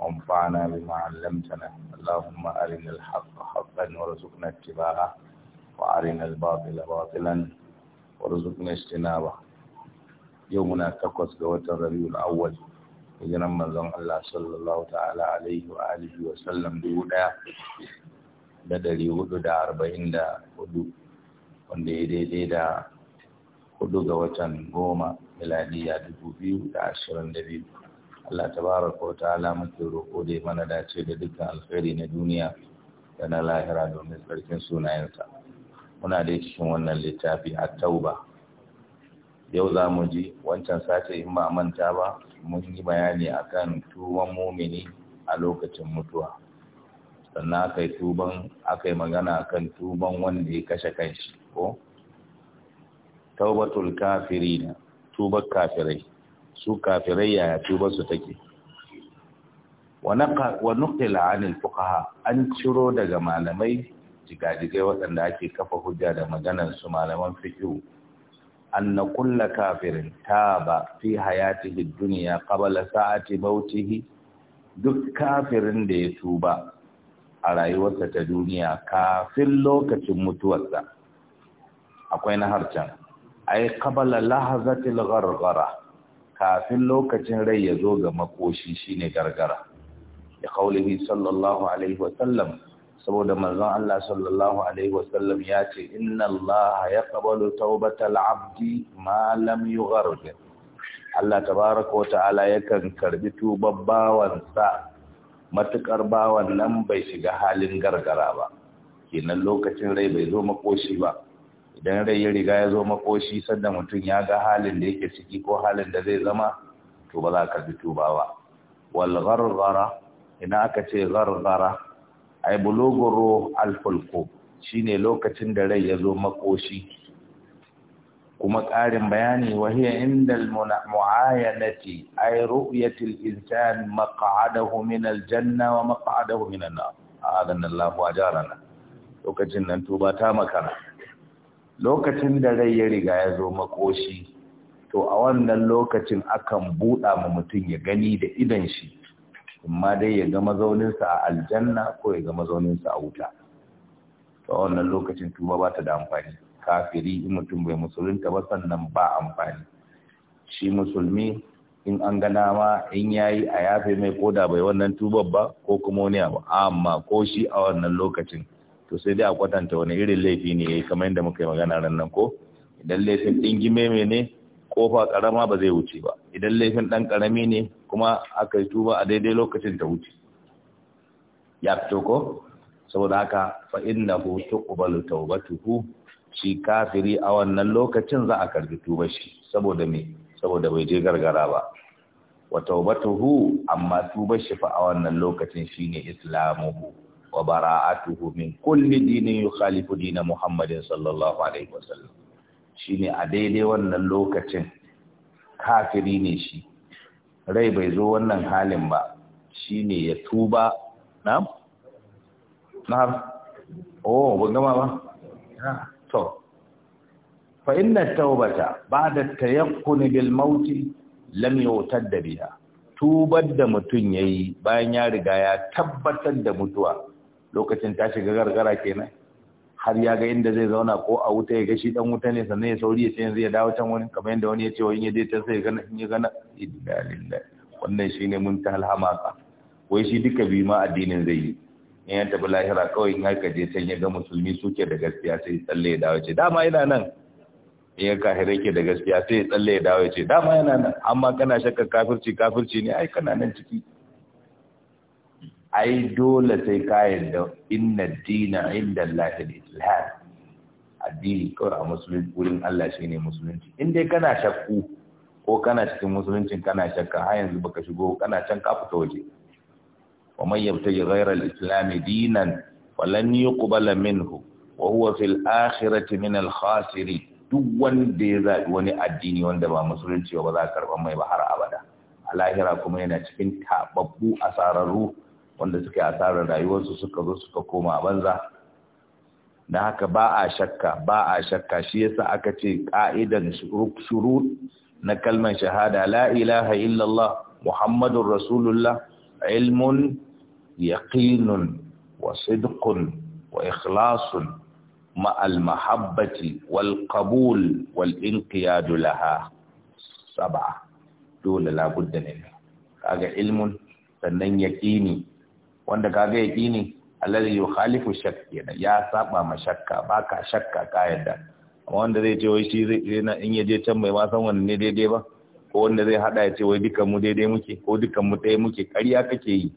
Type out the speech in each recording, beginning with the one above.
وانفعنا بما علمتنا اللهم أرنا الحق حقا ورزقنا اتباعه وأرنا الباطل باطلا ورزقنا اجتنابه يومنا تقص قوات الربيع الأول إذن من الله صلى الله تعالى عليه وآله وسلم دودا بدل يغدو دا أربعين دا قدو وندي دي دي دا قدو قوة غوما ميلادية دبو بيو دا عشرين دبيو Allah tabaraka wa ta'ala muke roƙo da ya mana dace da dukkan alkhairi na duniya da na lahira domin tsarkin sunayensa muna da cikin wannan littafi a tauba yau za mu ji wancan sace in ba manta ba mun yi bayani akan tuban mumini a lokacin mutuwa sannan aka yi tuban aka yi magana kan tuban wanda ya kashe kanshi ko taubatul kafirina tubar kafirai su kafirai yaya tubar su take wa nuqila anil fuqaha an ciro daga malamai jigajigai waɗanda ake kafa hujja da maganar su malaman fiqh anna kulla kafirin taba fi hayatihi dunya qabla sa'ati mautihi duk kafirin da ya tuba a rayuwarsa ta duniya kafin lokacin mutuwarsa akwai na harcan ai qabla lahazatil gharghara kafin lokacin rai ya zo ga makoshi shine gargara ya kaulihi sallallahu alaihi wasallam saboda manzon Allah sallallahu alaihi wasallam ya ce inna Allah yaqbalu taubatal abdi ma lam Allah tabaraka wa ta'ala yakan karbi tubar sa matukar bawan nan bai shiga halin gargara ba kenan lokacin rai bai zo makoshi ba idan rai ya riga ya zo makoshi sanda mutum ya ga halin da yake ciki ko halin da zai zama to ba za ka fi tuba ba wal gharghara ina aka ce gharghara ay buluguru al shine lokacin da rai ya zo makoshi kuma ƙarin bayani wa hiya inda mu'ayanati ay ru'yati al insan maq'adahu min al janna wa maq'adahu min an nar adanallahu ajarana lokacin nan tuba ta makara lokacin da rai ya riga ya zo makoshi to a wannan lokacin akan buɗa ma mutum ya gani da idan shi amma dai ya ga mazauninsa a aljanna ko ya ga mazauninsa a wuta to a wannan lokacin tuba ba ta da amfani kafiri in mutum bai musulunta ba sannan ba amfani shi musulmi in an gana ma in yayi a yafe mai koda bai wannan tubar ba ko kuma wani abu amma ko shi a wannan lokacin to sai dai a kwatanta wani irin laifi ne ya yi kamar yadda muka yi magana ran nan ko idan laifin ɗingime mai ne kofa karama ba zai wuce ba idan laifin ɗan karami ne kuma aka yi tuba a daidai lokacin ta wuce ya fito ko saboda haka fa hu tuqbalu tawbatuhu shi kafiri a wannan lokacin za a karbi tuba shi saboda me saboda bai je gargara ba wa tawbatuhu amma tuba shi fa a wannan lokacin shine islamuhu wa bara'atuhu min kulli dinin yukhalifu dina Muhammadin sallallahu alaihi sallam. shine a daidai wannan lokacin kafiri ne shi rai bai zo wannan halin ba shine ya tuba na na oh ban gama ba to fa inna tawbata ba'da tayakkun bil maut lam yutadda biha tubar da mutum yayi bayan ya riga ya tabbatar da mutuwa lokacin ta shiga gargara kenan har ya ga inda zai zauna ko a wuta ya gashi dan wuta ne sannan ya sauri ya ce yanzu ya dawo can wani kamar yadda wani ya ce wani ya je can sai ya gana in ya gana wannan shine mun ta alhamaka wai shi duka bi ma addinin zai yi in ya tafi lahira kawai in haka je can ya ga musulmi suke da gaskiya sai tsalle ya dawo ce dama yana nan in ya kahire ke da gaskiya sai tsalle ya dawo ce dama yana nan amma kana shakka kafirci kafirci ne ai kana nan ciki ai dole sai ka yarda inna dina inda Allahil Islam addini kawai a musulunci wurin Allah shine musulunci in dai kana shakku ko kana cikin musuluncin kana shakka Ha yanzu baka shigo kana can ka fita waje wa man yabtaji ghayra al-islam dinan falan yuqbala minhu wa huwa fil akhirati min al-khasirin duk wanda ya zaɓi wani addini wanda ba musulunci ba za a karɓar mai ba har abada a lahira kuma yana cikin taɓaɓɓu asararru wanda suka yi asarar rayuwarsu suka zo suka koma a banza na haka ba a shakka ba a shakka shi yasa aka ce ka'idan shuru na kalmar shahada la ilaha illallah muhammadun rasulullah ilmun yaqinun wa sidqun wa ikhlasun مع المحبة والقبول laha لها Dole دول لابد منها هذا علم sannan yaƙini wanda kaga ne, alladhi yukhalifu shakk ya saba ma shakka baka shakka ka yadda amma wanda zai ce wai shi zai na in ya can mai ma san ne daidai ba ko wanda zai hada ya ce wai dukan mu daidai muke ko dukan mu dai muke ƙarya kake yi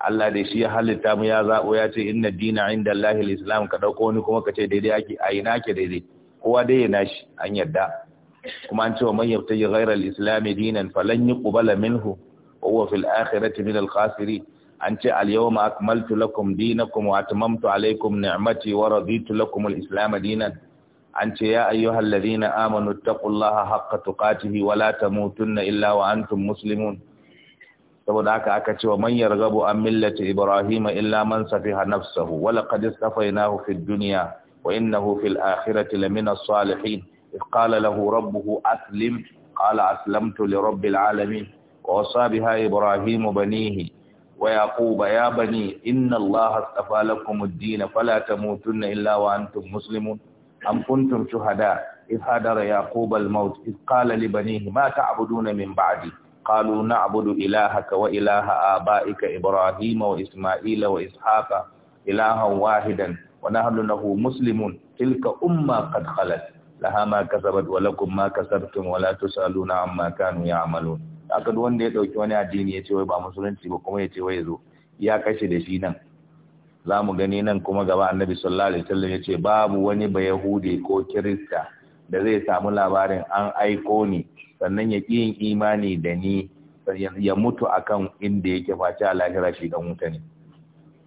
Allah da shi ya halitta mu ya zabo ya ce inna dina inda Allahil Islam ka dauko wani kuma ka ce daidai ake a ina ke daidai kowa dai ya nashi an yadda kuma an ce wa man yabtaji al-islam dinan falan yuqbala minhu wa huwa fil akhirati min al khasirin an ce al-yawma akmaltu lakum dinakum wa atmamtu alaykum ni'mati wa raditu lakum al-islam dinan an ce ya ayyuhal ladhina amanu taqullaha haqqa tuqatihi wa la tamutunna illa wa antum muslimun saboda haka aka ce wa man yarghabu an millati ibrahima illa man safiha nafsahu wa laqad istafainahu fid dunya wa innahu fil akhirati lamina as-salihin إذ قال له ربه أسلم قال أسلمت لرب العالمين ووصى بها إبراهيم بنيه ويعقوب يا بني إن الله اصطفى لكم الدين فلا تموتن إلا وأنتم مسلمون أم كنتم شهداء إذ هدر يعقوب الموت إذ قال لبنيه ما تعبدون من بعدي قالوا نعبد إلهك وإله آبائك إبراهيم وإسماعيل وإسحاق إلها واحدا ونحن له مسلمون تلك أمة قد خلت لها ما كسبت ولكم ما كسبتم ولا تسألون عما كانوا يعملون aka wanda ya dauki wani addini ya ce wai ba musulunci ba kuma ya ce wai zo ya kashe da shi nan za mu gani nan kuma gaba annabi sallallahu alaihi wasallam ya ce babu wani ba yahudi ko kirista da zai samu labarin an aiko ni sannan ya ƙi yin imani da ni ya mutu akan inda yake face a lahira shi dan wuta ne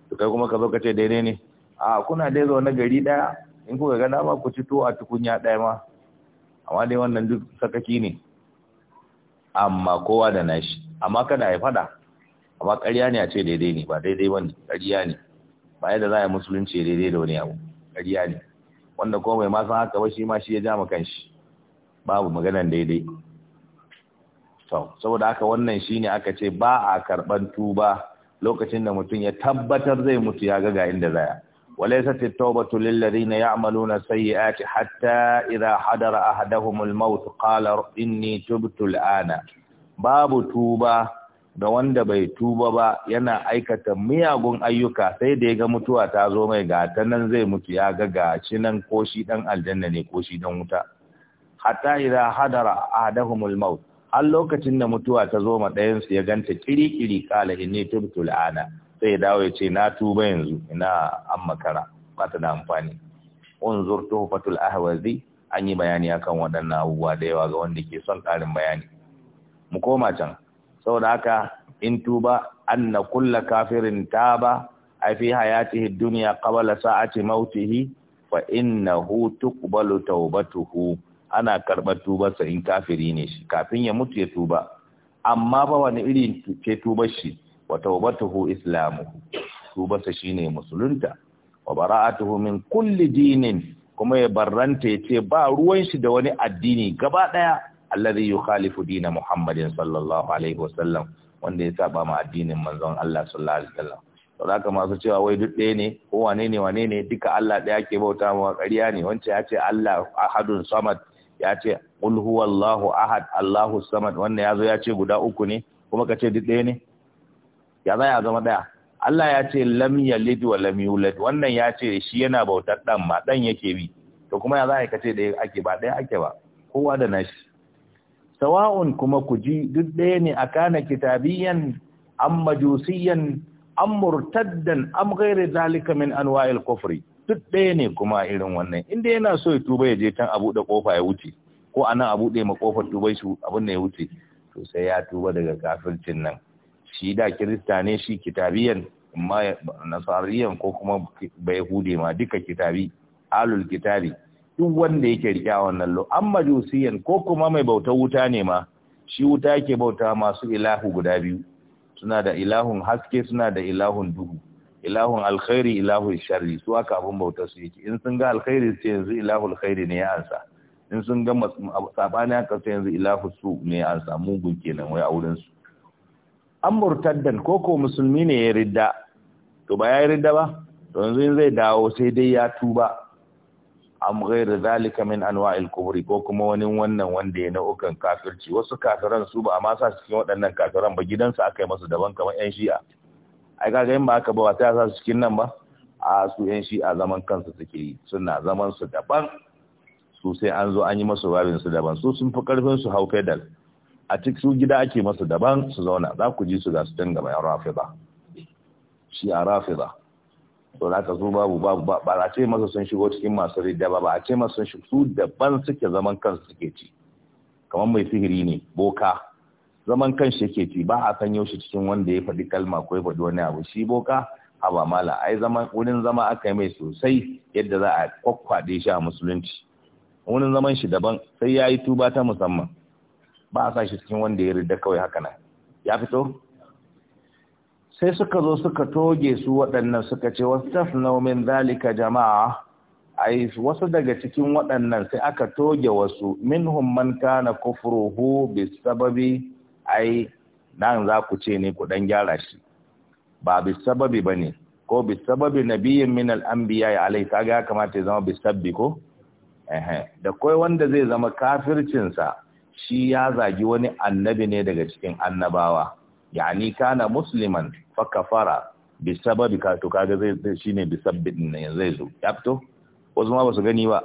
to kai kuma ka zo ka ce daidai ne a kuna dai zaune gari daya in kuka ga dama ku ci tuwo a tukunya daya ma amma dai wannan duk sakaki ne amma kowa da nashi amma kada ya fada amma ƙarya ne a ce daidai ne ba daidai ba ne ƙarya ne ba yadda za a yi musulunci daidai da wani abu ƙarya ne wanda ko mai masan haka ba shi ma shi ya ja ma kanshi babu maganan daidai to saboda haka wannan shine aka ce ba a karban tuba lokacin da mutum ya tabbatar zai mutu ya ga ga inda zaya وليست التوبة للذين يعملون السيئات حتى إذا حضر أحدهم الموت قال إني تبت الآن باب توبة da wanda bai tuba ba yana aikata miyagun ayyuka sai da ya ga mutuwa ta zo mai ga ta nan zai mutu ya ga shi nan ko shi dan aljanna ne ko shi dan wuta hatta idza hadara ahadahumul maut har lokacin da mutuwa ta zo ma ɗayan su ya ganta kiri kiri kala inni tubtu al'ana sai ya dawo ya ce na tuba yanzu ina an makara ba ta da amfani unzur tuhfatul ahwazi an yi bayani akan waɗannan abubuwa da yawa ga wanda ke son ƙarin bayani mu koma can saboda haka in tuba anna kulla kafirin taba a fi hayatihi dunya kabala sa'ati mautihi fa innahu tuqbalu tawbatuhu ana karɓar tubarsa in kafiri ne shi kafin ya mutu ya tuba amma ba wani irin ke tubar shi wa tawbatuhu islamuhu tubarsa shine musulunta wa bara'atuhu min kulli dinin kuma ya barranta ya ce ba ruwan shi da wani addini gaba daya allazi yukhalifu dina muhammadin sallallahu alaihi wasallam wanda ya saba ma addinin manzon Allah sallallahu alaihi wasallam to haka masu cewa wai duk ɗaya ne ko wane ne wane ne duka Allah ɗaya ke bauta ma ƙarya ne wancan ya ce Allah ahadun samad ya ce qul huwallahu ahad Allahu samad wannan yazo ya ce guda uku ne kuma ka ce duk ɗaya ne ya za ya zama ɗaya Allah ya ce lam yalid wa lam yulad wannan ya ce shi yana bautar dan ma dan yake bi to kuma ya za ka ce ɗaya ake ba ɗaya ake ba kowa da nashi sawa'un kuma ku ji duk ɗaya ne akana kitabiyan am majusiyan am murtaddan am ghairi zalika min anwa'il kufri duk ɗaya ne kuma irin wannan inda yana so ya tuba ya je can a buɗe kofa ya wuce ko anan a buɗe ma kofar tubai su abin da ya wuce to sai ya tuba daga kafircin nan shi da kirista ne shi kitabiyan amma nasariyan ko kuma bai hude ma duka kitabi alul kitabi duk wanda yake rike a wannan lo amma jusiyan ko kuma mai bauta wuta ne ma shi wuta yake bauta masu ilahu guda biyu suna da ilahun haske suna da ilahun duhu ilahun alkhairi ilahu sharri su aka abun bauta su yake in sun ga alkhairi sai yanzu ilahu alkhairi ne ya ansa in sun ga sabani aka sai yanzu ilahu su ne ya ansa mugun kenan wai a wurin su an murtaddan ko ko musulmi ne ya ridda to ba ya ridda ba to yanzu in zai dawo sai dai ya tuba am da zalika min anwa'il kufri ko kuma wani wannan wanda ya nau'ukan kafirci wasu kafiran su ba amma sa cikin waɗannan kafiran ba gidansu aka yi masu daban kamar yan shi'a ai kaga in ba aka ba sai sa cikin nan ba a su yan shi'a zaman kansu suke yi suna zaman su daban su sai an zo an yi masu babin su daban su sun fi karfin su hau fedal a cikin su gida ake masu daban su zauna za ku ji su ga su can gaba ya ba shi a ba to za ka zo babu babu ba a ce masa sun shigo cikin masu rida ba ba a ce masa sun shigo su daban suke zaman kansu suke ci kamar mai sihiri ne boka zaman kanshi yake ci ba a san yaushe cikin wanda ya faɗi kalma ko ya faɗi wani abu shi boka haba mala ai zaman wurin zama aka yi mai sosai yadda za a kwakwaɗe shi a musulunci wurin zaman shi daban sai ya yi tuba ta musamman ba a sa shi cikin wanda ya rida kawai haka nan ya fito sai suka zo suka toge su waɗannan suka ce wastafnau min zalika jama'a A yi wasu daga cikin waɗannan sai aka toge wasu ka man kana kufruhu bi sababi ai nan za ku ce ne ku dan gyara shi ba bi sababi ba ne, ko bi sababi nabiyyin min biya ya alai ta ya kamata ya zama bi sabbi ko da kai wanda zai zama kafircinsa shi ya zagi wani annabi ne daga cikin annabawa yani kana musliman fa kafara bi sababi ka to kaga zai shine bi sabbin ne zai zo ya fito wasu ma basu gani ba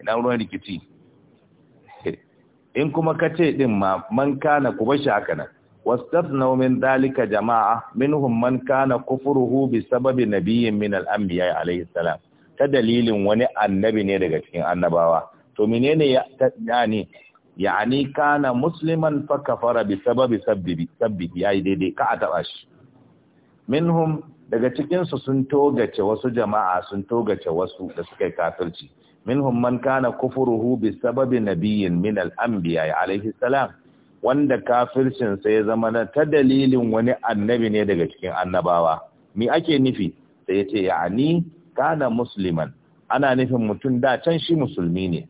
ina ruwan rikici in kuma kace din ma man kana ku bashi haka nan dalika jama'a minhum man kana kufruhu bi sababi nabiyyin min al-anbiya alayhi salam ta dalilin wani annabi ne daga cikin annabawa to menene ya yani yani kana musliman fa kafara bi sababi sabbi sabbi yayi daidai ka a taba shi minhum daga cikin su sun togace wasu jama'a sun togace wasu da suka kafirci minhum man kana kufruhu bi sababi nabiyyin min al-anbiya alayhi salam wanda kafircin sa ya zama na ta dalilin wani annabi ne daga cikin annabawa me ake nufi sai yace ya'ani kana musliman ana nufin mutum da can shi musulmi ne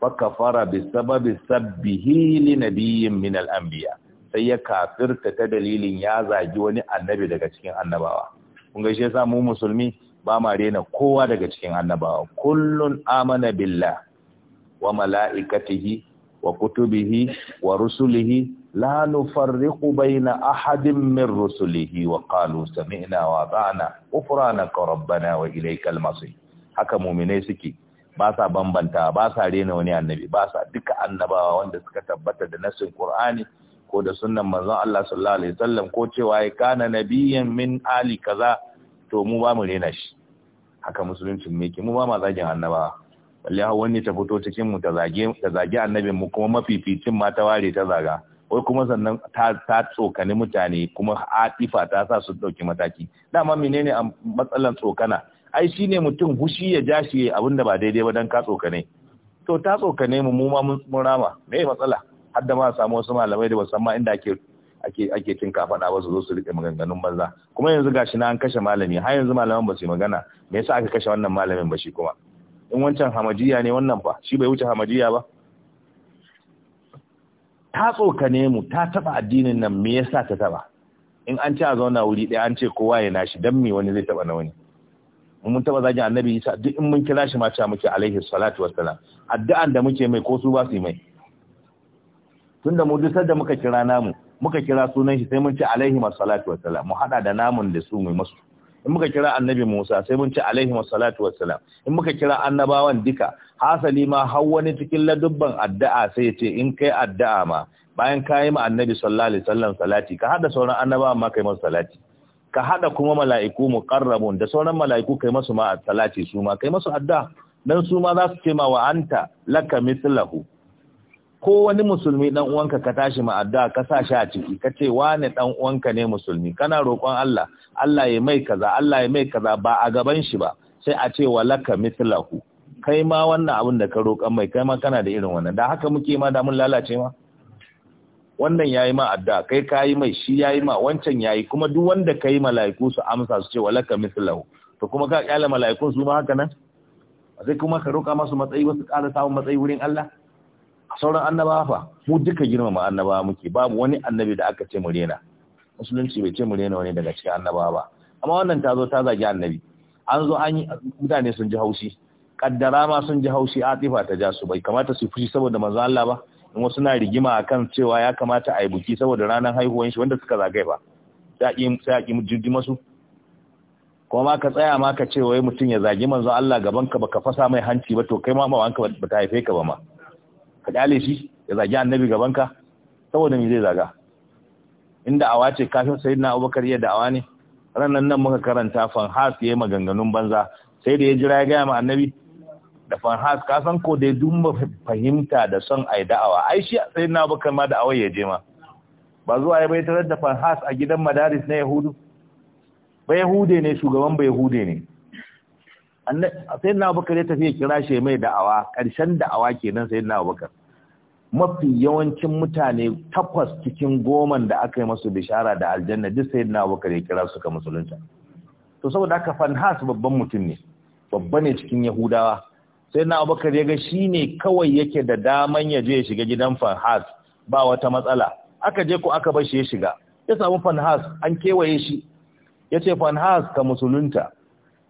fakafara bi sababi sabbihi li nabiyyin min al-anbiya sai ya kafirta ta dalilin ya zagi wani annabi daga cikin annabawa kun ga shi yasa mu musulmi ba ma rena kowa daga cikin annabawa kullun amana billah wa mala'ikatihi wa kutubihi wa rusulihi la nufarriqu baina ahadin min rusulihi wa qalu sami'na wa ata'na ghufranaka rabbana wa ilaykal masir haka mu'minai suke ba sa bambanta ba sa rena wani annabi ba sa duka annabawa wanda suka tabbata da nasin Qur'ani ko da sunnan manzon Allah sallallahu alaihi wasallam ko cewa ya kana nabiyyan min ali kaza to mu ba mu rena shi haka musuluncin mu yake mu ba ma zagin annabawa balle ha wani ta fito cikin mu ta zage ta zage annabin mu kuma mafificin ma ta ware ta zaga wai kuma sannan ta ta tsokani mutane kuma atifa ta sa su dauki mataki dama menene matsalan tsokana ai shine mutum hushi ya ja shi abin da ba daidai ba don ka tsokane to ta tsokane mu ma mun rama me matsala har da ma samu wasu malamai da musamman inda ake ake ake cin kafada ba su zo su rike maganganun banza kuma yanzu gashi na an kashe malami har yanzu malaman ba su yi magana me yasa aka kashe wannan malamin ba shi kuma in wancan hamajiya ne wannan fa shi bai wuce hamajiya ba ta tsokane mu ta taba addinin nan me yasa ta taba in an ce a zauna wuri ɗaya an ce kowa ya nashi dan me wani zai taba na wani in mun taba zagin annabi isa duk in mun kira shi ma cewa muke alaihi salatu wassalam addu'an da muke mai ko su ba su mai tunda mu duk da muka kira namu muka kira sunan shi sai mun ce alaihi salatu wassalam mu hada da namun da su mai masu in muka kira annabi Musa sai mun ce alaihi salatu wassalam in muka kira annabawan duka hasali ma har wani cikin ladubban addu'a sai ya ce in kai addu'a ma bayan ka yi ma annabi sallallahu alaihi wasallam salati ka hada sauran annabawan ma kai masa salati ka hada kuma mala'iku muqarrabun da sauran mala'iku kai masu ma salati su ma kai masu adda dan su ma za su ce ma wa anta laka mithluhu ko wani musulmi dan uwanka ka tashi ma adda ka sa shi a ciki ka ce wani dan uwanka ne musulmi kana roƙon Allah Allah ya mai kaza Allah ya mai kaza ba a gaban shi ba sai a ce wa laka mithluhu kai ma wannan abin da ka roƙan mai kai ma kana da irin wannan da haka muke ma da mun lalace ma wannan yayi ma adda kai kayi mai shi yayi ma wancan yayi kuma duk wanda kai mala'iku su amsa su ce walaka mislahu to kuma ka kyale mala'ikun su ma haka nan sai kuma ka roka masu matsayi wasu ƙara samun matsayi wurin Allah sauran annabawa fa mu duka girmama annabawa muke babu wani annabi da aka ce mu rena musulunci bai ce mu rena wani daga cikin annabawa ba amma wannan ta zo ta zagi annabi an zo an yi mutane sun ji haushi kaddara ma sun ji haushi atifa ta ja su bai kamata su fushi saboda manzo Allah ba wasu na rigima a kan cewa ya kamata a yi buki saboda ranar haihuwan shi wanda suka zagaye ba sai a ƙi jirgi masu kuma ma ka tsaya ma ka ce wai mutum ya zagi manzo Allah gaban ka baka fasa mai hanci ba to kai ma ma wanka ba ta haife ka ba ma ka dale shi ya zagi annabi gaban ka saboda me zai zaga inda awa ce kafin sayyidina Abubakar ya da'awa ne ranan nan muka karanta fan has yayi maganganun banza sai da ya jira ya ga ma annabi da farhas ka san ko dai duk fahimta da son ai da'awa ai shi sai na baka ma da awai ya je ma ba zuwa ya bai tarar da farhas a gidan madaris na yahudu ba yahude ne shugaban ba yahude ne sai na bakar ya tafi ya kira shi mai da'awa Karshen da'awa kenan sai na bakar mafi yawancin mutane takwas cikin goman da aka yi masu bishara da aljanna duk sai na bakar ya kira su suka musulunta to saboda haka fanhas babban mutum ne babba ne cikin yahudawa sai na abubakar ya ga shi ne kawai yake da daman ya je ya shiga gidan fanhas ba wata matsala aka je ku aka bashi ya shiga ya samu fanhas an kewaye shi ya ce fanhas ka musulunta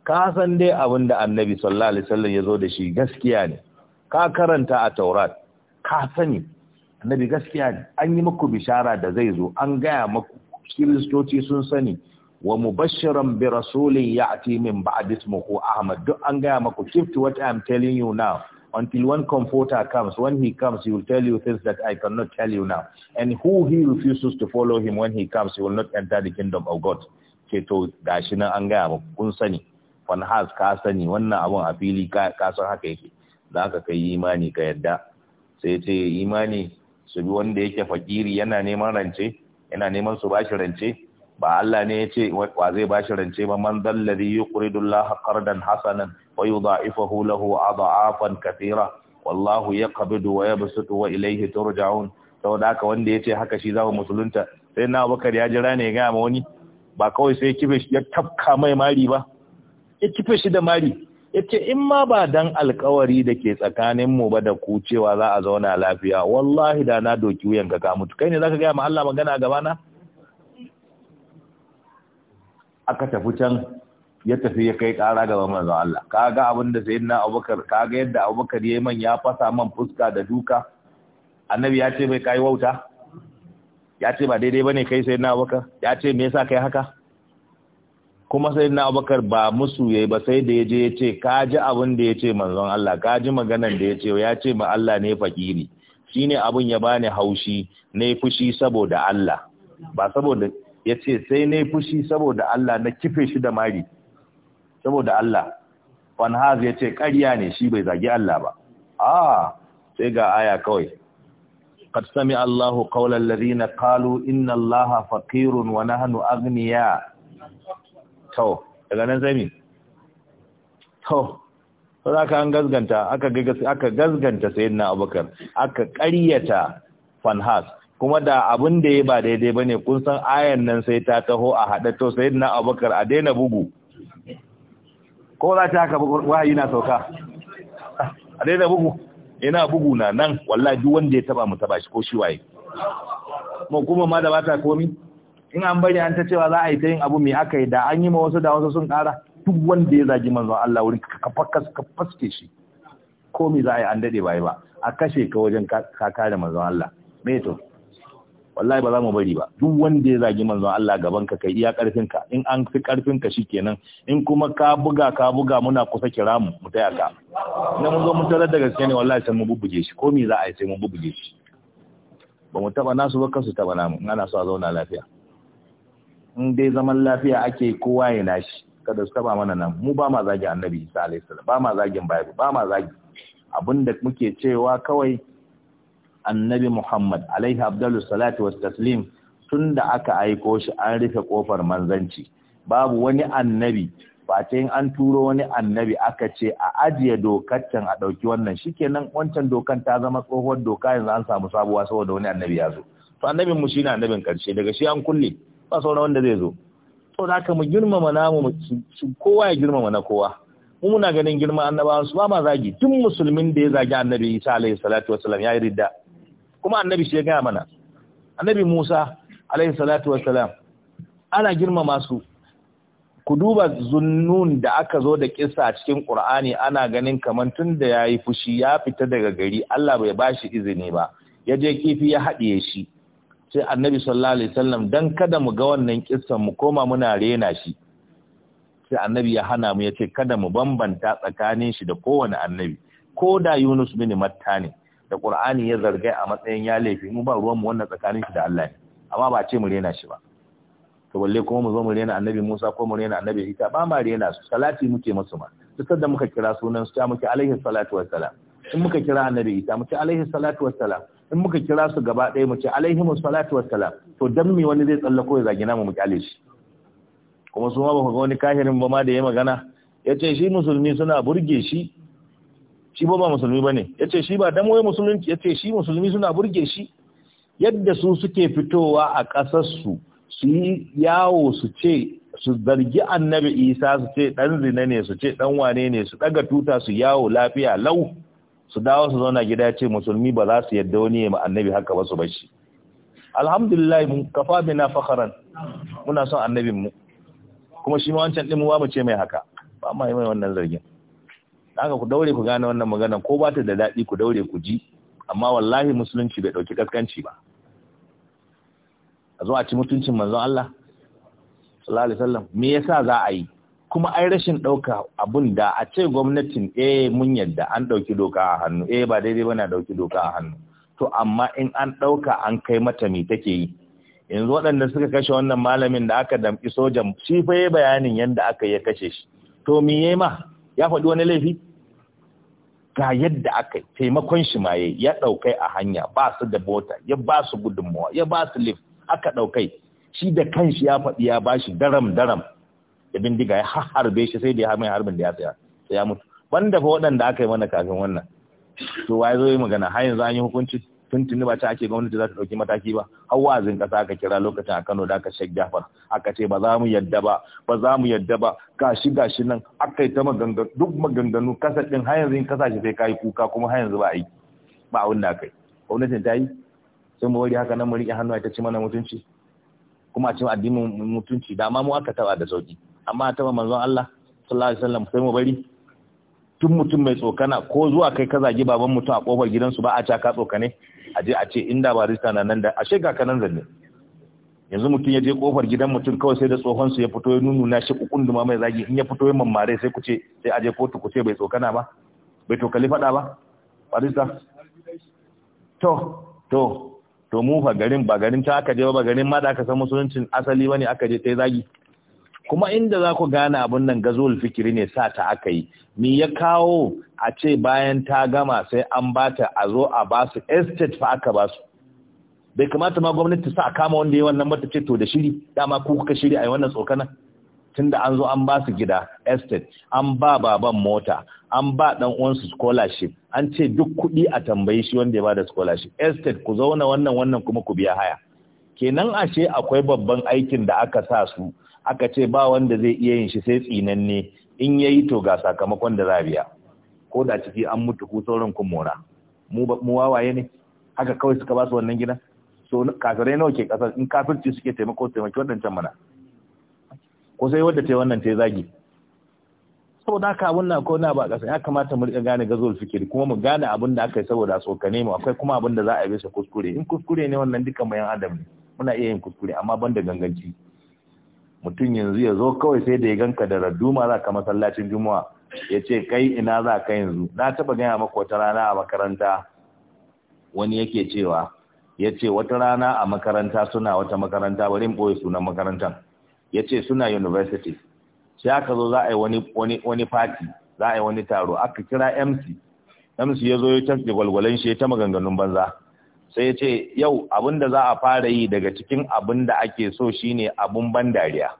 ka san dai abin da annabi sallallahu alaihi wasallam ya zo da shi gaskiya ne ka karanta a taurat ka sani annabi gaskiya ne an yi muku bishara da zai zo an gaya muku kiristoci sun sani wa mubashiran bi rasulin ya'ti min ba'd ismuhu Ahmad duk an gaya maku keep to what I'm telling you now until one comforter comes when he comes he will tell you things that I cannot tell you now and who he refuses to follow him when he comes he will not enter the kingdom of God ke to gashi nan an gaya maku kun sani fan has ka sani wannan abun a fili ka san haka yake da aka kai imani ka yadda sai ce imani su bi wanda yake fakiri yana neman rance yana neman su bashi rance ba Allah ne ya ce wa zai bashi rance ba man zalladhi yuqridu Allah qardan hasanan wa yudha'ifuhu lahu adha'afan katira wallahu yaqbidu wa yabsutu wa ilayhi turja'un saboda haka wanda ya ce haka shi zama musulunta sai na Abubakar ya jira ne ga ma wani ba kawai sai kife shi ya tafka mai mari ba ya kife shi da mari yace in ma ba dan alkawari da ke tsakanin mu ba da ku cewa za a zauna lafiya wallahi da na doki wuyan ka ka mutu kai ne zaka ga ma Allah magana gaba na aka tafi can ya tafi ya kai kara gaba manzo Allah kaga abin da na Abubakar kaga yadda Abubakar yayi man ya fasa man fuska da duka annabi ya ce mai kai wauta ya ce ba daidai bane kai na Abubakar ya ce me yasa kai haka kuma na Abubakar ba musu yayi ba sai da ya je ya ce ka ji abin da ya ce manzon Allah ka ji maganar da ya ce ya ce ma Allah ne fakiri shine abin ya bani haushi ne fushi saboda Allah ba saboda ya ce sai na fushi saboda Allah na kife shi da mari saboda Allah fanhaz ya ce ƙarya ne shi bai zagi Allah ba a sai ga aya kawai qad sami Allahu qawla allazina qalu inna Allaha faqirun wa nahnu aghniya to daga nan sai to sai aka an gazganta aka aka gazganta sayyidina Abubakar aka ƙaryata fanhaz kuma da abin da ya ba daidai ba ne kun san ayan nan sai ta taho a haɗa to sai na abubakar a daina bugu ko za ta haka wahayi na sauka a daina bugu ina bugu na nan wallahi duk wanda ya taba mu taba shi ko shi waye mu kuma ma da bata komi in an bari an ta cewa za a yi ta yin abu mai aka yi da an yi ma wasu da wasu sun ƙara duk wanda ya zagi manzo Allah wurin ka faske shi komi za a yi an dade ba yi ba a kashe ka wajen ka kare manzo Allah me to wallahi ba za mu bari ba duk wanda ya zagi manzon Allah gaban ka kai iya karfin ka in an fi karfin ka shikenan in kuma ka buga ka buga muna kusa kira mu mu taya ka na mun zo mun tarar da gaske ne wallahi sai mu bubbuge shi ko me za a yi sai mu bubbuge shi ba mu taba nasu ba kansu taba namu Ina so a zauna lafiya in dai zaman lafiya ake kowa ya nashi kada su taba mana nan mu ba ma zagi annabi isa alaihi salam ba ma zagin bible ba ma zagi abinda muke cewa kawai annabi Muhammad alaihi abdullu salatu was taslim tunda aka aiko shi an rufe kofar manzanci babu wani annabi ba ta yin an turo wani annabi aka ce a ajiye dokar a ɗauki wannan shikenan wancan dokan ta zama tsohuwar doka yanzu an samu sabuwa saboda wani annabi ya zo to annabin mu shine annabin karshe daga shi an kulle ba sauran wanda zai zo to da mu girmama namu kowa ya girmama na kowa mu muna ganin girma annabawan su ba ma zagi duk musulmin da ya zagi annabi Isa alaihi salatu wasallam ya yi ridda kuma annabi shi ya gaya mana annabi Musa alaihi salatu wassalam ana girmama su ku duba zunnun da aka zo da kissa a cikin Qur'ani ana ganin kamar tun da yayi fushi ya fita daga gari Allah bai bashi izini ba ya je kifi ya haɗiye shi sai annabi sallallahu alaihi wasallam dan kada mu ga wannan kissan mu koma muna rena shi sai annabi ya hana mu ya ce kada mu bambanta tsakanin shi da kowane annabi ko da Yunus bin Matta ne da Qur'ani ya zargai a matsayin ya laifi mu ba ruwan mu wannan tsakanin shi da Allah ne amma ba ce mu rena shi ba to balle kuma mu zo mu rena Annabi Musa ko mu rena Annabi Isa ba ma rena su salati muke musu ma duk da muka kira sunan su ta muke alaihi salatu wassalam in muka kira Annabi Isa muke alaihi salatu wassalam in muka kira su gaba ɗaya muke alaihi salatu wassalam to dan me wani zai tsallako ya zagi mu kyale shi kuma su ma ba ku ga wani kahirin ba ma da ya magana ya ce shi musulmi suna burge shi shi ba ba musulmi bane yace shi ba dan wai musulunci yace shi musulmi suna burge shi yadda su suke fitowa a ƙasar su su yi yawo su ce su zargi annabi isa su ce dan zina ne su ce dan wane ne su daga tuta su yawo lafiya lau su dawo su zauna gida ce musulmi ba za su yadda wani ya annabi haka ba su shi alhamdulillah mun kafa bina fakharan muna son annabin mu kuma shi ma wancan din mu ba mu ce mai haka ba ma yi mai wannan zargin haka ku daure ku gane wannan magana ko ba ta da daɗi ku daure ku ji amma wallahi musulunci bai ɗauki kaskanci ba a zo a ci mutuncin manzon Allah sallallahu alaihi wasallam me yasa za a yi kuma ai rashin ɗauka abun da a ce gwamnatin eh mun yadda an ɗauki doka a hannu eh ba daidai bane ɗauki doka a hannu to amma in an ɗauka an kai mata me take yi yanzu waɗanda suka kashe wannan malamin da aka damƙi sojan shi fa bayanin yadda aka ya kashe shi to me ma ya faɗi wani laifi ga yadda aka taimakon shi maye ya ɗaukai a hanya ba su da mota ya ba su gudunmawa ya ba su lif aka ɗaukai shi da kanshi ya faɗi ya ba shi daram daram da bindiga ya harbe shi sai da ya mai harbin da ya tsaya sai ya mutu banda fa waɗanda aka yi mana kafin wannan to wai zo yi magana har yanzu an yi hukunci tuntuni ba ta ake gwamnati za ta ɗauki mataki ba har wa'azin ƙasa aka kira lokacin a Kano da aka shek Jafar aka ce ba za mu yadda ba ba za mu yadda ba gashi gashi nan aka yi ta maganganu duk maganganu kasa ɗin har yanzu in kasa shi sai yi kuka kuma har yanzu ba aiki ba abin da aka yi gwamnatin ta yi sai mu wari haka nan mu riƙe hannu a ta ci mana mutunci kuma a ci addinin mutunci da ma mu aka taɓa da sauki amma a taɓa manzon Allah sallallahu alaihi wasallam sai mu bari tun mutum mai tsokana ko zuwa kai ka zagi baban mutum a kofar gidansu ba a ca ka tsokane a je a ce inda barista na nan da ashe ga kanan zanne yanzu mutum ya je kofar gidan mutum kawai sai da tsohon su ya fito ya na shi kukunduma mai zagi in ya fito ya mammare sai ku ce sai a je kotu ku ce bai tsokana ba bai tokali fada ba barista to to to mu fa garin ba garin ta aka je ba garin ma da aka san musuluncin asali bane aka je tai zagi kuma inda za ku gane abin nan gazuwar fikiri ne sa ta aka yi me ya kawo a ce bayan ta gama sai an ba ta a zo a ba su estate fa aka ba su bai kamata ma gwamnati sa a kama wanda ya wannan mata ce to da shiri dama ku kuka shiri a yi wannan tsokana tunda an zo an ba su gida estate an ba baban mota an ba dan uwansu scholarship an ce duk kuɗi a tambayi shi wanda ya ba da scholarship estate ku zauna wannan wannan kuma ku biya haya kenan ashe akwai babban aikin da aka sa su aka ce ba wanda zai iya yin shi sai tsinanne in ya yi to ga sakamakon da za biya ko da ciki an mutu ko sauran kun mora mu mu wawaye ne haka kawai suka ba su wannan gidan so kasare nawa ke kasar in kafirci suke taimako taimaki waɗancan mana ko sai wadda ta yi wannan ta yi zagi saboda haka abin na kona ba ƙasa ya kamata mu riƙa gane gazol fikiri kuma mu gane abin da aka yi saboda a tsokane mu akwai kuma abin da za a yi bisa kuskure in kuskure ne wannan duka mayan adam ne muna iya yin kuskure amma ban da ganganci mutum yanzu ya zo kawai sai da ya ganka da raduma za ka masallacin juma'a ya ce kai ina za ka yanzu na taba gaya maka wata rana a makaranta wani yake cewa ya ce wata rana a makaranta suna wata makaranta bari ɓoye sunan makarantar ya ce suna university sai aka zo za a yi wani wani party za a yi wani taro aka kira mc mc ya zo ya tafi gwalgwalan shi ya ta maganganun banza sai ce yau abin da za a fara yi daga cikin abin da ake so shine abun ban dariya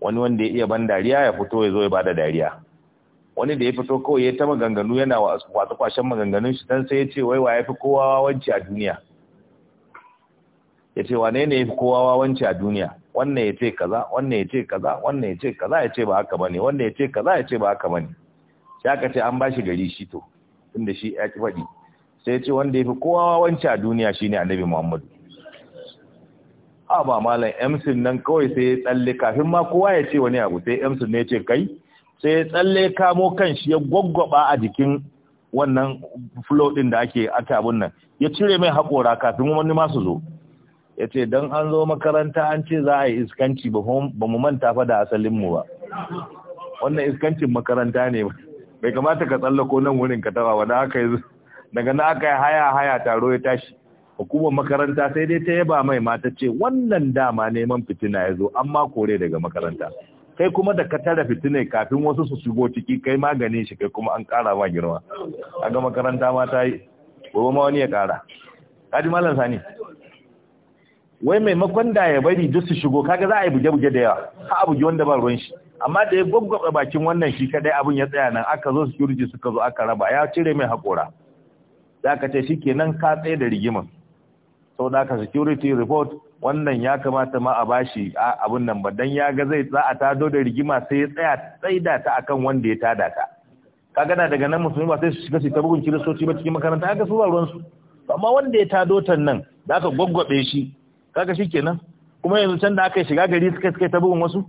wani wanda ya iya ban dariya ya fito ya zo ya bada dariya wani da ya fito kawai ya ta maganganu yana wasu kwashen maganganun shi dan sai ya ce wai wa ya fi kowa wawanci a duniya ya ce wane ne ya fi kowa wawanci a duniya wannan ya ce kaza wannan ya ce kaza wannan ya ce kaza ya ce ba haka ne wannan ya ce kaza ya ce ba haka ne sai aka ce an shi gari shi to tunda shi ya ki faɗi sai ya ce wanda ya fi kowa wance a duniya shine annabi muhammadu a ba malam emsin nan kawai sai ya tsalle kafin ma kowa ya ce wani abu sai emsin ne ya ce kai sai ya tsalle kamo kan shi ya gwaggwaba a jikin wannan flow din da ake aka abun nan ya cire mai haƙora kafin wani ma su zo ya ce don an zo makaranta an ce za a yi iskanci ba mu manta fa da mu ba wannan iskancin makaranta ne ba bai kamata ka tsallako nan wurin ka tawa wadda haka yanzu daga na aka yi haya haya taro ya tashi hukumar makaranta sai dai ta yaba mai mata ce wannan dama neman fitina ya zo amma kore daga makaranta kai kuma da ka tara fitinai kafin wasu su shigo ciki kai maganin shi kai kuma an kara ma girma kaga makaranta ma ta yi gobe ma wani ya kara kaji malam sani wai maimakon da ya bari duk su shigo kaga za a yi buge-buge da yawa ha a buge wanda ba ruwan shi amma da ya gwaggwaba bakin wannan shi kadai abin ya tsaya nan aka zo security suka zo aka raba ya cire mai haƙora za ka ce nan ka tsaye da rigima. sau da ka security report wannan ya kamata ma a bashi abin nan ba dan ya ga zai za a tado da rigima sai ya tsaya tsaida ta akan wanda ya tada ta ka gana daga nan musulmi ba sai su shiga su ta bugun kiristoci ba cikin makaranta ga su ruwan su amma wanda ya tado ta nan za ka gwaggwabe shi kaga nan? kuma yanzu can da aka shiga gari suka suka ta bugun wasu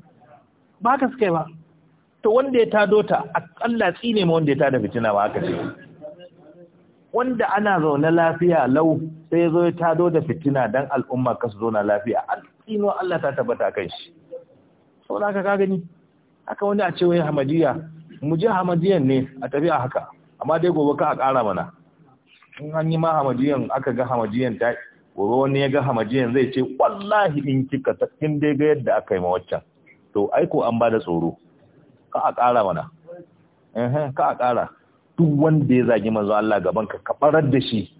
ba ka suka yi ba to wanda ya tado ta Allah tsine ma wanda ya tada fitina ba haka ce wanda ana zaune lafiya lau sai zo ya tado da fitina dan al'umma kasu zauna lafiya an Allah ta tabbata kan shi saboda aka ka gani haka wani a ce wai hamadiya mu je hamadiyan ne a tafiya haka amma dai gobe ka a ƙara mana in an yi ma hamadiyan aka ga hamadiyan ta gobe wani ya ga hamadiyan zai ce wallahi in kika ta in dai ga yadda aka yi ma waccan to aiko an ba da tsoro ka a ƙara mana ka a ƙara duk wanda ya zagi manzo Allah gaban ka ka barar da shi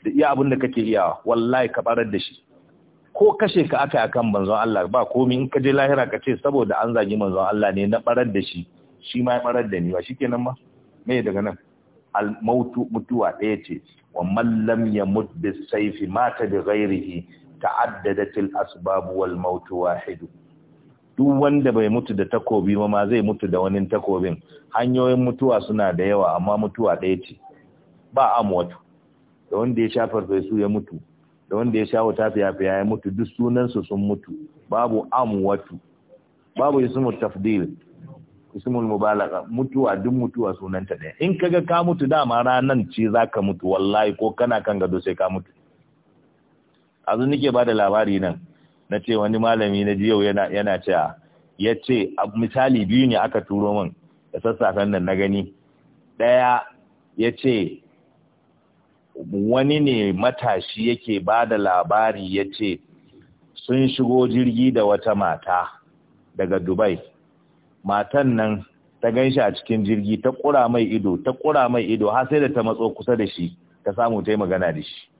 da iya abin da kake iyawa wallahi ka barar da shi ko kashe ka aka akan manzon Allah ba komai in ka je lahira ka ce saboda an zagi manzon Allah ne na barar da shi shi ma ya barar da ni ba shikenan ma me daga nan al mautu mutuwa ɗaya ce wa man lam yamut bis sayfi mata bi ghairihi ta'addadatil asbab wal mautu wahidu duk wanda bai mutu da takobi ba ma zai mutu da wani takobin hanyoyin mutuwa suna da yawa amma mutuwa ɗaya ce ba mutu da wanda ya sha farfesu ya mutu da wanda ya sha wuta fiya-fiya ya mutu duk sunansu sun mutu babu amwatu babu ismu tafdil ismu mubalagha mutuwa duk mutuwa sunanta ɗaya in kaga ka mutu dama ranan ce zaka mutu wallahi ko kana kan gado sai ka mutu azu nake da labari nan na ce wani malami na yau yana cewa ya ce misali biyu ne aka turo min da sassafen nan na gani ɗaya ya ce wani ne matashi yake ba da labari ya ce sun shigo jirgi da wata mata daga dubai matan nan ta gan shi a cikin jirgi ta kura mai ido ta ƙura mai ido har sai da ta matso kusa da shi ta samu ta yi magana da shi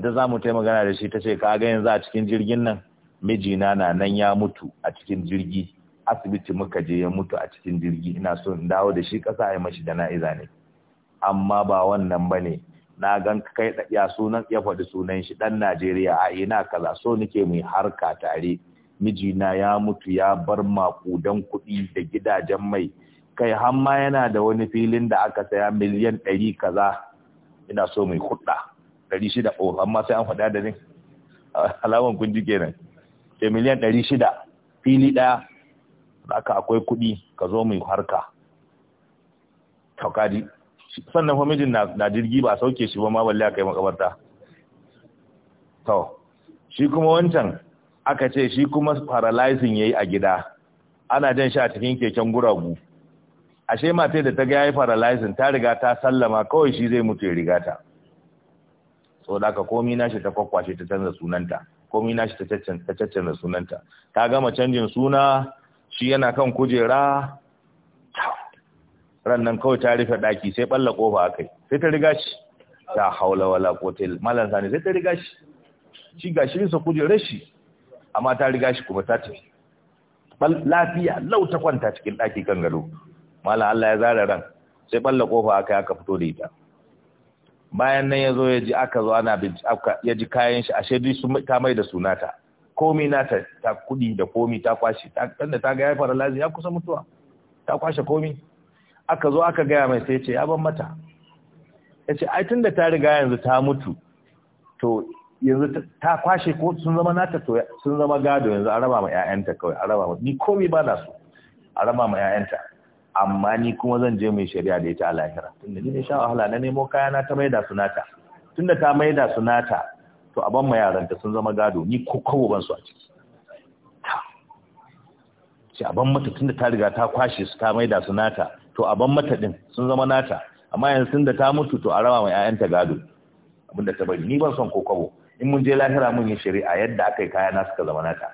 ita za mu ta magana da shi ta ce kaga yanzu a cikin jirgin nan mijina na nan ya mutu a cikin jirgi asibiti muka je ya mutu a cikin jirgi ina so in dawo da shi ƙasa a yi mashi naiza ne amma ba wannan ba ne na gan kai ya sunan ya faɗi sunan shi ɗan Najeriya a ina kaza so nake mu harka tare mijina ya mutu ya bar maƙudan kuɗi da gidajen mai kai hamma yana da wani filin da aka saya miliyan ɗari kaza ina so mai hudda ɗari shida oh amma sai an faɗi ne alaman kun ji kenan ke miliyan ɗari shida fili ɗaya aka akwai kuɗi ka zo mu harka kaukadi sannan famijin na jirgi ba sauke shi ba ma balle aka yi makabarta to shi kuma wancan aka ce shi kuma paralyzing yi a gida ana jan shi a cikin keken guragu ashe matai da ta ga yi paralyzing ta riga ta sallama kawai shi zai mutu ya riga ta da haka komi nashi ta kwakwashe ta canza sunanta komi nashi ta canza sunanta ta gama canjin suna shi yana kan kujera ran nan kawai ta rufe daki sai balla kofa akai sai ta riga shi ta haula wala kotel Malam sani sai ta riga shi shi shi bisa kujerar shi amma ta riga shi kuma ta tafi lafiya lau ta kwanta cikin daki kan gado Malam Allah ya zara ran sai balla kofa akai aka fito da ita bayan nan ya zo ya ji aka zo ana ya ji kayan shi ashe su ta mai da sunata komi nata ta kudi da komi ta kwashe tanda ta ga ya fara lazi ya kusa mutuwa ta kwashe komi aka zo aka gaya mai sai ce ya ban mata ya ce ai tunda ta riga yanzu ta mutu to yanzu ta kwashe ko sun zama nata to sun zama gado yanzu a raba ma 'ya'yanta kawai a raba ma ni komi ba na so a raba ma 'ya'yanta amma ni kuma zan je mai shari'a da ita a lahira tunda ni ne sha wahala na nemo kayana ta maida sunata tunda ta maida sunata to a ban yaran yaranta sun zama gado ni ko kawo ban su a ciki ce a ban mata tunda ta riga ta kwashe su ta maida sunata to a ban mata din sun zama nata amma yanzu da ta mutu to a rama mai ƴaƴanta gado abinda ta bari ni ban son ko kawo in mun je lahira mun yi shari'a yadda akai kayana suka zama nata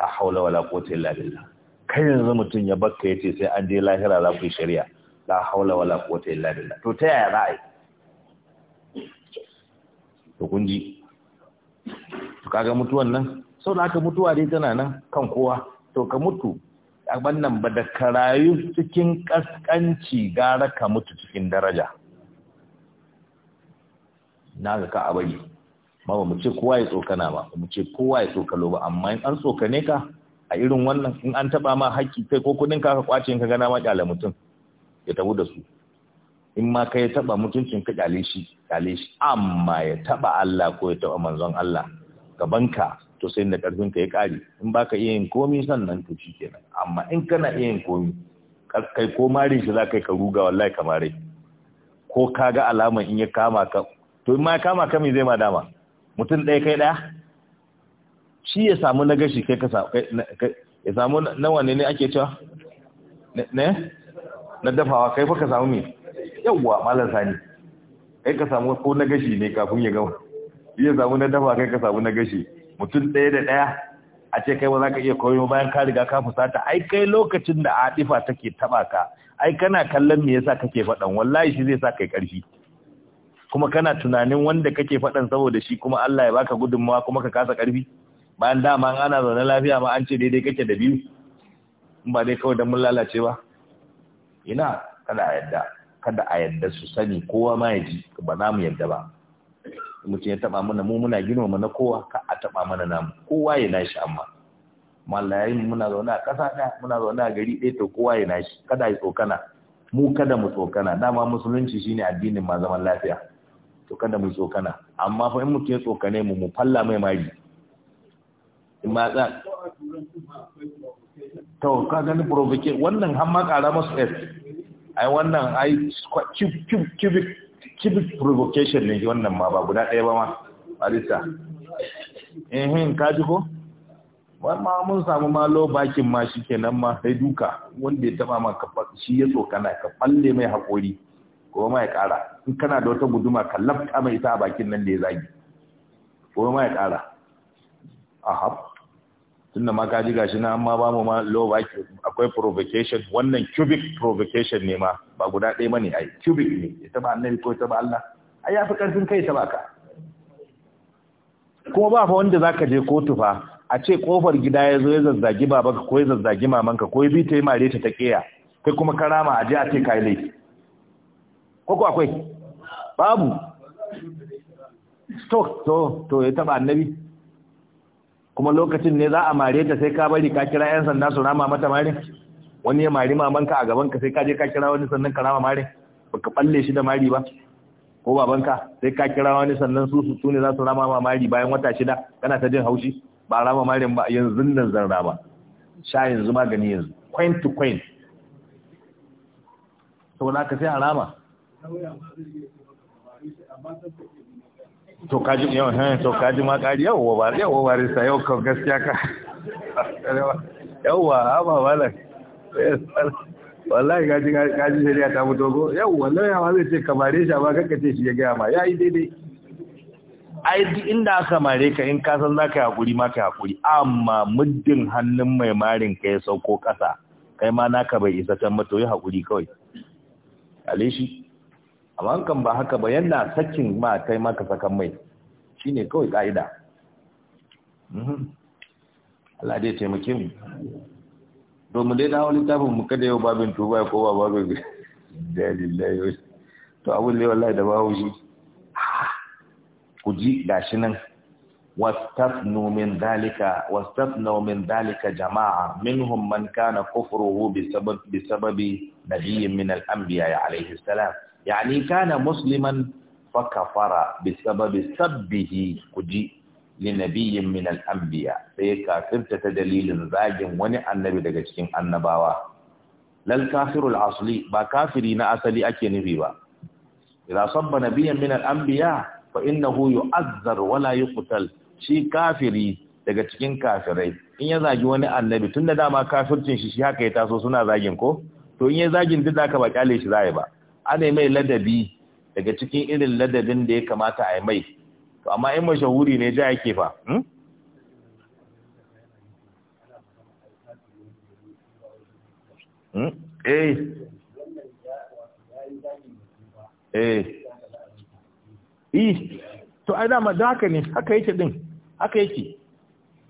la haula wala quwwata illa billah kai yanzu mutum ya bakka ya ce sai an je lahira za ku yi shari'a la haula wala quwwata illa billah to ta yaya za a yi to kun ji to kaga mutuwan nan sau da aka mutuwa dai tana nan kan kowa to ka mutu a wannan ba da karayu cikin kaskanci gara ka mutu cikin daraja na ga ka abari ma ba mu ce kowa ya tsokana ba mu ce kowa ya tsokalo ba amma in an tsokane ka a irin wannan in an taba ma haƙƙi kai ko kudin ka kwace in ka gana ma kyale mutum ya tabu da su in ma ka ya taba mutuncin ka kyale shi kyale shi amma ya taba Allah ko ya taba manzon Allah gaban ka to sai da karfin ka ya kare in baka iya yin komi sannan to shikenan amma in kana iya yin komi kai ko mare shi za kai ka ruga wallahi ka mare ko ka ga alaman in ya kama ka to in ma ya kama ka me zai ma dama mutum ɗaya kai ɗaya shi ya samu na gashi kai ka samu ya samu na wane ne ake cewa ne na dafawa kai ka samu me yawwa malam sani kai ka samu ko na gashi ne kafin ya gama shi ya samu na dafawa kai ka samu na gashi mutum ɗaya da ɗaya a ce kai ba za ka iya koyo bayan ka riga ka fusata ai kai lokacin da adifa take taba ka ai kana kallon me yasa kake faɗan wallahi shi zai sa kai ƙarfi kuma kana tunanin wanda kake faɗan saboda shi kuma Allah ya baka gudunmawa kuma ka kasa ƙarfi bayan dama ana zaune lafiya ma an ce daidai kake da biyu in ba dai kawai don mun lalace ba ina kada a yadda kada a yadda su sani kowa ma ya ji ba za mu yadda ba mutum ya taba mana mu muna girmama na kowa ka a taba mana namu kowa ya nashi amma malla muna zaune a ƙasa ɗaya muna zaune a gari ɗaya to kowa ya nashi kada ya tsokana mu kada mu tsokana dama musulunci shine addinin ma zaman lafiya to kada mu tsokana amma fa in mutum ya tsokane mu mu falla mai mari matsa to ka gani provoke wannan har ma kara masu s ai wannan ai cubic cubic provocation ne wannan ma ba guda ɗaya ba ma barista ehin ka ji ko ma mun samu ma low bakin ma shi kenan ma sai duka wanda ya taba ma ka shi ya kana ka falle mai haƙori ko ma ya ƙara in kana da wata guduma ka lafta mai ita a bakin nan da ya zagi ko ma ya ƙara ahab tunda ma kaji gashi na amma ba mu ma low vacuum akwai provocation wannan cubic provocation ne ma ba guda ɗaya bane ai cubic ne ita ba annabi ko ita ba Allah ai fi karfin kai ta baka kuma ba fa wanda zaka je kotu fa a ce kofar gida ya zo ya zazzagi babanka ko ya zazzagi mamanka ko ya bi ta yi mare ta ta kiya kai kuma rama a je a ce kai laifi ko ko akwai babu to to to ya taba annabi kuma lokacin ne za a mare ta sai ka bari ka kira 'yan sanda su rama mata mare wani ya mari mamanka a gaban ka sai ka je ka kira wani sannan ka rama mare baka balle shi da mari ba ko babanka sai ka kira wani sannan su su ne za su rama ma mari bayan wata shida kana ta jin haushi ba rama marin ba yanzu nan zan rama sha yanzu magani yanzu coin to kwain saboda ka sai a rama to kaji yau eh to kaji ma kari yau ba yau wa risa yau ka gaskiya ka yauwa ba wala eh, wallahi kaji kaji shari'a ta mutu go yau wallahi ma zai ce kamare shi ba kanka ce shi ya gaya ma yayi daidai ai duk inda aka mare ka in ka san zaka hakuri ma ka hakuri amma muddin hannun mai marin ka ya sauko kasa kai ma naka bai isa can ba to yi hakuri kawai alishi amma kan ba haka ba yana sakin ma kai maka sakan mai ne kawai ka'ida mhm. Allah dai taimake mu domin dai dawo littafin mu kada yau babin tuba ko ba babin dalilayo to abu ne wallahi da bawo shi ku ji gashi nan wastafnu min dalika wastafnu min dalika jama'a minhum man kana kufruhu bi sababi bi sababi nabiyyin min al-anbiya alayhi salam yani kana musliman fa kafara bi sababi sabbihi kuji li nabiyyin min al-anbiya sai kafirta ta dalilin zagin wani annabi daga cikin annabawa lal kafirul asli ba kafiri na asali ake nufi ba idza sabba nabiyyan min al-anbiya fa innahu yu'azzar wa la yuqtal shi kafiri daga cikin kafirai in ya zagi wani annabi tun da dama kafircin shi shi haka ya taso suna zagin ko to in ya zagin da zaka ba kyale shi za a yi ba ana mai ladabi daga cikin irin ladabin da ya kamata a yi mai to amma in mashahuri ne ja yake fa hmm? Hmm? eh, eh. to ai dama da haka ne haka yake din haka yake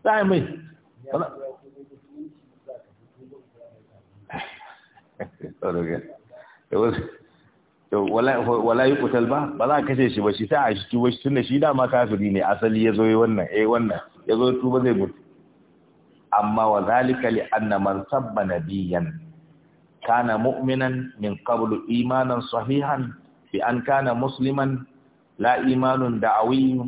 sai mai It was wala yi kutal ba ba za a kashe shi ba shi ta a shi tuba shi tunda shi dama kafiri ne asali ya zo yi wannan eh wannan ya zo tuba zai mutu amma wa zalika li anna man sabba nabiyan kana mu'minan min qablu imanan sahihan bi an kana musliman la imanun da'awi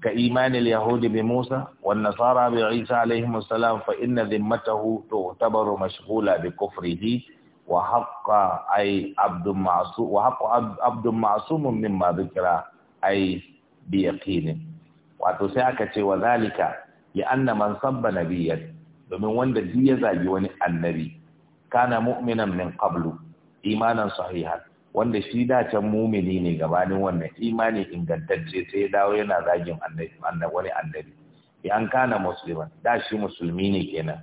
ka imanil yahudi bi Musa wan nasara bi Isa alaihi salam fa inna dhimmatahu tu'tabaru mashghula bi kufrihi wa haqqa ay abdu ma'su wa haqqa abdu ma'sumun mimma dhikra ay bi yaqinin wato sai aka ce wa zalika ya anna man sabba nabiyyan domin wanda duk ya zagi wani annabi kana mu'minan min qablu imanan sahihan wanda shi da can mumini ne gabanin wannan imani ingantacce sai ya dawo yana zagin annabi wani annabi bi an kana musliman da shi musulmi ne kenan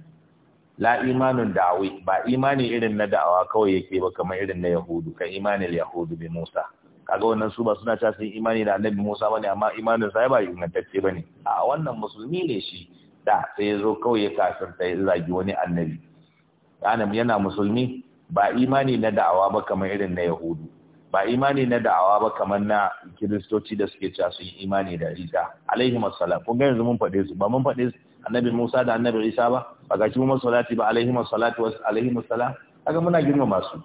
la imanun da'awi ba imani irin na da'awa kawai yake ba kamar irin na yahudu kan imanin yahudu bi musa kaga wannan su ba suna ta sun imani da annabi musa bane amma imanin sa ba ingantacce bane a wannan musulmi ne shi da sai ya zo kawai ya kafirta ya zagi wani annabi yana yana musulmi ba imani na da'awa ba kamar irin na yahudu ba imani na da'awa ba kamar na kiristoci da suke cewa sun imani da isa alaihi assalam kun ga yanzu mun faɗe su ba mun faɗe su annabi Musa da annabi Isa ba ba ga kuma salati ba alaihi wassalatu alaihi wassalam kaga muna girmama masu.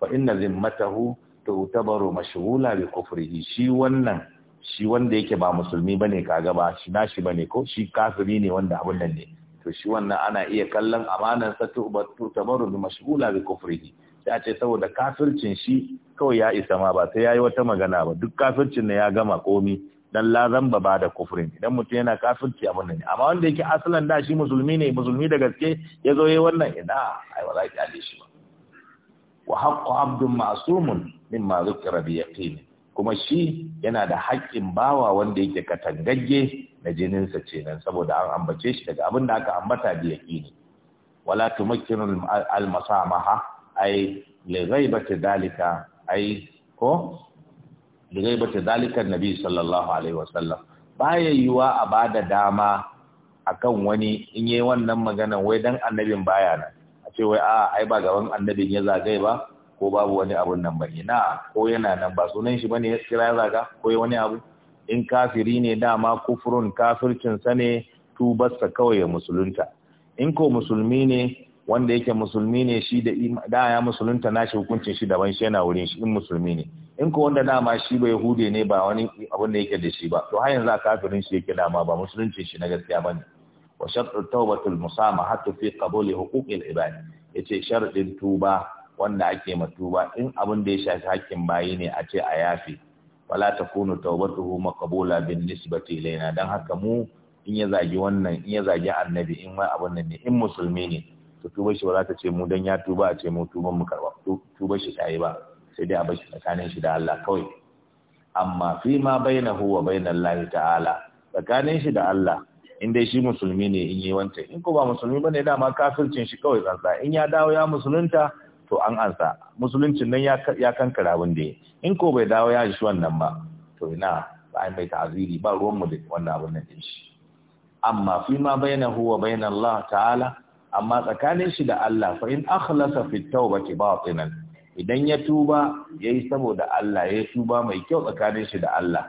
fa inna zimmatahu tu'tabaru mashghula bi kufrihi shi wannan shi wanda yake ba musulmi bane kaga ba shi nashi bane ko shi kafiri ne wanda abun nan ne to shi wannan ana iya kallon amanar sa tabaru bi mashghula bi kufrihi sai a ce saboda kafircin shi kawai ya isa ma ba sai yayi wata magana ba duk kafircin ne ya gama komi dan lazan ba ba da kufrin idan mutum yana kafirci abin nan amma wanda yake asalan da shi musulmi ne musulmi da gaske ya zo yayi wannan ina ai ba za ki ale shi ba wa haqqu abdun ma'sumun mimma zukira bi yaqin kuma shi yana da haƙƙin bawa wanda yake katangagge na jininsa ce nan saboda an ambace shi daga abin da aka ambata bi yaqin wala tumakkinu al masamaha ai li ghaibati dalika ai ko da zai bace dalikan nabi sallallahu alaihi wasallam baya yiwa a bada dama akan wani in yayi wannan magana wai dan annabin baya nan a ce wai a ai ba gaban annabin ya zagaye ba ko babu wani abun nan bane na ko yana nan ba sunan shi bane ya zaga ko wani abu in kafiri ne dama kufurun kafircin sa ne tubarsa kawai ya musulunta in ko musulmi ne wanda yake musulmi ne shi da da ya musulunta nashi hukuncin shi daban shi yana wurin shi in musulmi ne in ko wanda dama shi bai hude ne ba wani abin da yake da shi ba to har yanzu a kafirin shi yake dama ba musulunci shi na gaskiya bane wa shartu tawbatul hatta fi qabuli huquqil ibad yace sharadin tuba wanda ake ma tuba in abin da ya shafi hakkin bayi ne a ce a yafi wala takunu tawbatuhu maqbula bin nisbati ilaina dan haka mu in ya zagi wannan in ya zagi annabi in ma abin nan ne in musulmi ne to tuba shi ba za ta ce mu dan ya tuba a ce mu tuban mu karba tuba shi ta yi ba sai dai a bashi tsakanin shi da Allah kawai amma fi ma bainahu wa Allah ta'ala tsakanin shi da Allah in dai shi musulmi ne in yi wancan in ko ba musulmi bane dama kafircin shi kawai tsantsa in ya dawo ya musulunta to an ansa musuluncin nan ya kankara abin da in ko bai dawo ya shi wannan ba to ina ba ai mai ta'ziri ba ruwan mu da wannan abin nan din shi amma fi ma bainahu wa Allah ta'ala amma tsakanin shi da Allah fa in akhlasa fi tawbati batinan idan ya tuba yayi saboda Allah ya tuba mai kyau tsakanin shi da Allah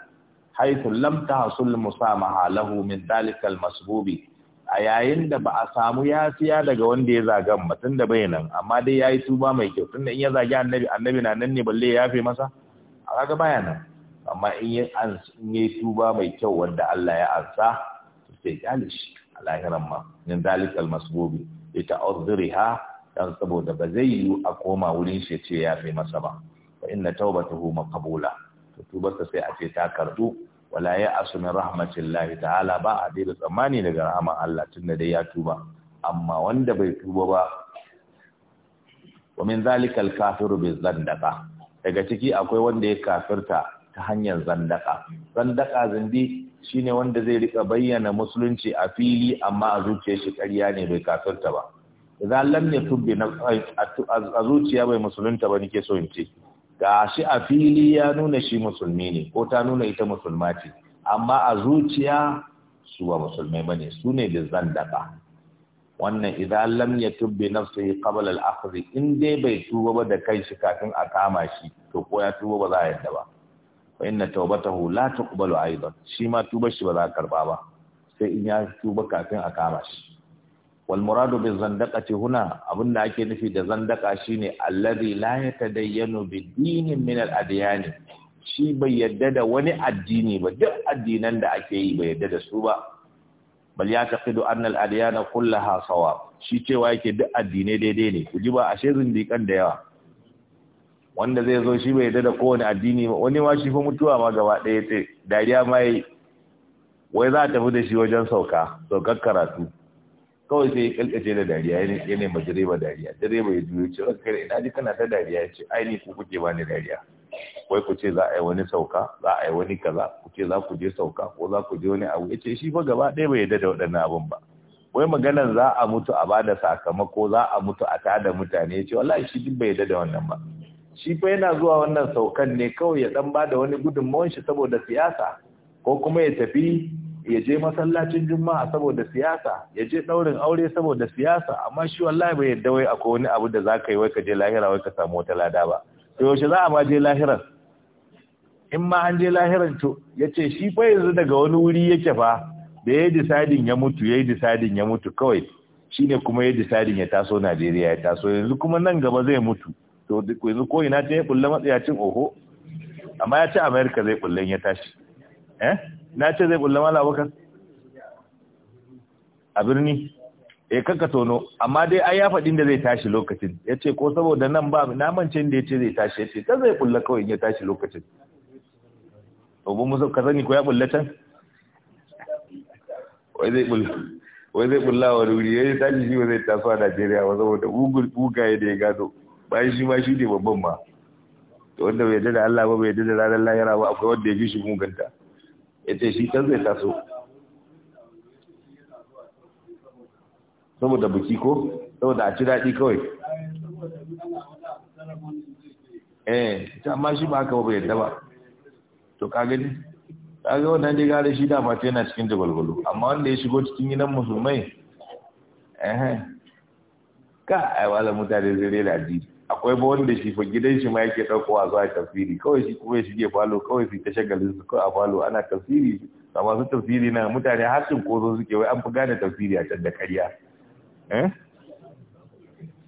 haythu lam tahsul musamaha lahu min dalika masbubi a yayin da ba a samu yasiya daga wanda ya zagan ba tunda bai nan amma dai yayi tuba mai kyau tunda in ya zagi annabi annabi na nan ne balle ya yafe masa a kaga baya nan amma in yi tuba mai kyau wanda Allah ya ansa sai kalishi a lahiran ma min zalikal masbubi ita uzriha dan saboda ba zai yi a koma wurin shi ce ya fi masa ba fa inna tawbatuhu maqbula to sa sai a ce ta karɓu. wala ya asu min rahmatillahi ta'ala ba a da tsammani daga rahman Allah tunda dai ya tuba amma wanda bai tuba ba wa min zalikal kafiru bi zandaka daga ciki akwai wanda ya kafirta ta hanyar zandaka zandaka zindi Shi ne wanda zai rika bayyana musulunci a fili amma a zuciya shi ƙarya ne bai kasarta ba idan lam yatub a zuciya bai musulunta ba nake so in ce shi a fili ya nuna shi musulmi ne ko ta nuna ita musulma ce amma a zuciya su ba musulmai bane su ne da zandaka wannan idan lam yatub bi nafsihi qabla al-akhdh in dai bai tuba ba da kai shi kafin a kama shi to ko ya tuba ba za a yadda ba wa inna tawbatahu la tuqbalu aidan shi ma tubar shi ba za a karba ba sai in ya tuba kafin a kama shi wal muradu bi zandaqati huna da ake nufi da zandaka shine allazi la yatadayyanu bi dinin min al adyan shi bai yadda da wani addini ba duk addinan da ake yi bai yadda da su ba bal ya taqidu anna al adyan kullaha sawab shi cewa yake duk addinai daidai ne Ku ji ba ashe zindikan da yawa wanda zai zo shi bai yarda da kowane addini ba wani ma shi fa mutuwa ma gaba ɗaya ce dariya ma yi wai za a tafi da shi wajen sauka saukar karatu kawai sai ya kalkace da dariya ya ma direba dariya direba ya juyo ce ranka ina ji kana ta dariya ya ce ai ni ku kuke ba ni dariya wai ku ce za a yi wani sauka za a yi wani kaza ku ce za ku je sauka ko za ku je wani abu ya ce shi fa gaba ɗaya bai yarda da waɗannan abun ba wai maganar za a mutu a bada sakamako za a mutu a tada mutane ya ce wallahi shi duk bai yarda da wannan ba shi fa yana zuwa wannan saukan ne kawai ya dan bada wani gudunmawar shi saboda siyasa ko kuma ya tafi ya je masallacin juma'a saboda siyasa ya je daurin aure saboda siyasa amma shi wallahi bai yadda wai akwai wani abu da zaka yi wai ka je lahira wai ka samu wata lada ba to yaushe za a ma je lahiran in ma an je lahiran to yace shi fa yanzu daga wani wuri yake fa da ya deciding ya mutu ya deciding ya mutu kawai shine kuma ya deciding ya taso Najeriya ya taso yanzu kuma nan gaba zai mutu to duk yanzu ko ina ce ya kulle cin oho amma ya ce america zai kullen ya tashi eh na ce zai kulle mala abokan a birni eh kanka tono amma dai ai ya faɗin da zai tashi lokacin ya ce ko saboda nan ba na mance da ya ce zai tashi ya ce ta zai kulle kawai ya tashi lokacin obin musu ka sani ko ya kulle can wai zai kulle wai zai kulla wa wuri ya tashi shi wa zai taso a Najeriya ba saboda bugaye da ya gado bayan shi ma shi ne babban ma to wanda bai yarda da Allah ba bai yarda da ranar lahira ba akwai wanda ya fi shi muganta ya ce shi kan zai taso saboda buki ko saboda a ci daɗi kawai eh ta amma shi ba haka ba bai yarda ba to ka gani kaga wannan dai gare shi dama ta yana cikin jagwalgwalo amma wanda ya shigo cikin gidan musulmai eh, eh. ka ai wala mutane zai rera addini akwai ba wanda shi fa gidan shi ma yake a zuwa tafsiri kawai shi kuma shi shige falo kawai shi ta shagalin su kawai a falo ana tafsiri a masu tafsiri na mutane har sun kozo suke wai an fi gane tafsiri a can da karya. Eh?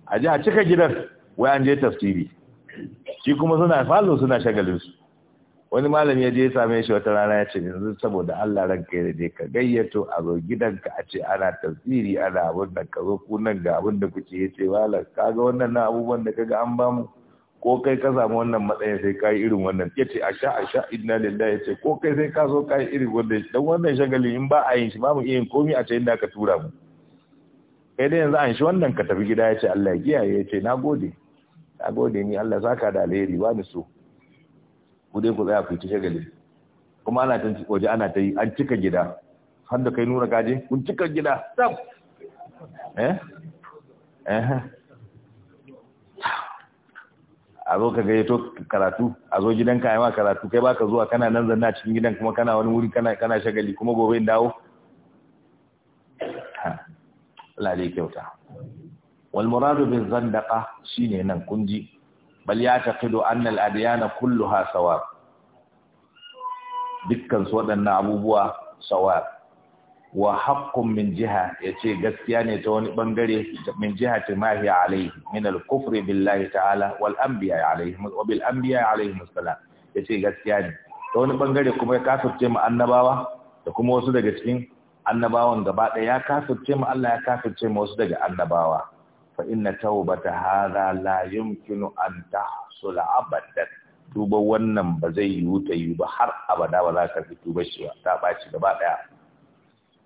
a ji a cika gidan wai an je tafsiri shi kuma suna falo suna shagalin su wani malami ya je ya same shi wata rana ya ce yanzu saboda Allah ranka ya je ka gayyato a zo gidanka a ce ana tafsiri ana abin da ka zo ku nan ga abin da kuke ya ce wala kaga wannan na abubuwan da kaga an bamu ko kai ka samu wannan matsayin sai ka yi irin wannan ya ce asha asha inna lillahi ya ce ko kai sai ka zo ka yi irin wannan dan wannan shagali in ba a yin shi ba mu iya yin komai a ce inda ka tura mu kai dai yanzu an shi wannan ka tafi gida ya ce Allah ya kiyaye ya ce nagode nagode ni Allah saka da alheri ba ni so ku dai ku tsaya ku ci shagali kuma ana can waje ana ta yi an cika gida har da kai nuna kaje kun cika gida tab eh eh a zo ka gayyato karatu a zo gidan ka ma karatu kai baka zuwa kana nan zanna cikin gidan kuma kana wani wuri kana kana shagali kuma gobe in dawo Allah dai kyauta wal muradu bil zandaqa shine nan kunji bal ya taqidu anna al-adyana kulluha sawab dukkan su waɗannan abubuwa sawab wa haqqun min jiha yace gaskiya ne ta wani bangare min jiha ma hiya alayhi min al-kufri billahi ta'ala wal anbiya alayhi wa bil anbiya alayhi assalam yace gaskiya ne ta wani bangare kuma ya kafirce mu annabawa da kuma wasu daga cikin annabawan gaba ɗaya ya kafirce mu Allah ya kafirce mu wasu daga annabawa fa inna taubata hadha la yumkinu an tahsula abadan tuba wannan ba zai yiwu ta yiwu ba har abada ba za ka fi tuba shi ba ta ɓaci gaba ɗaya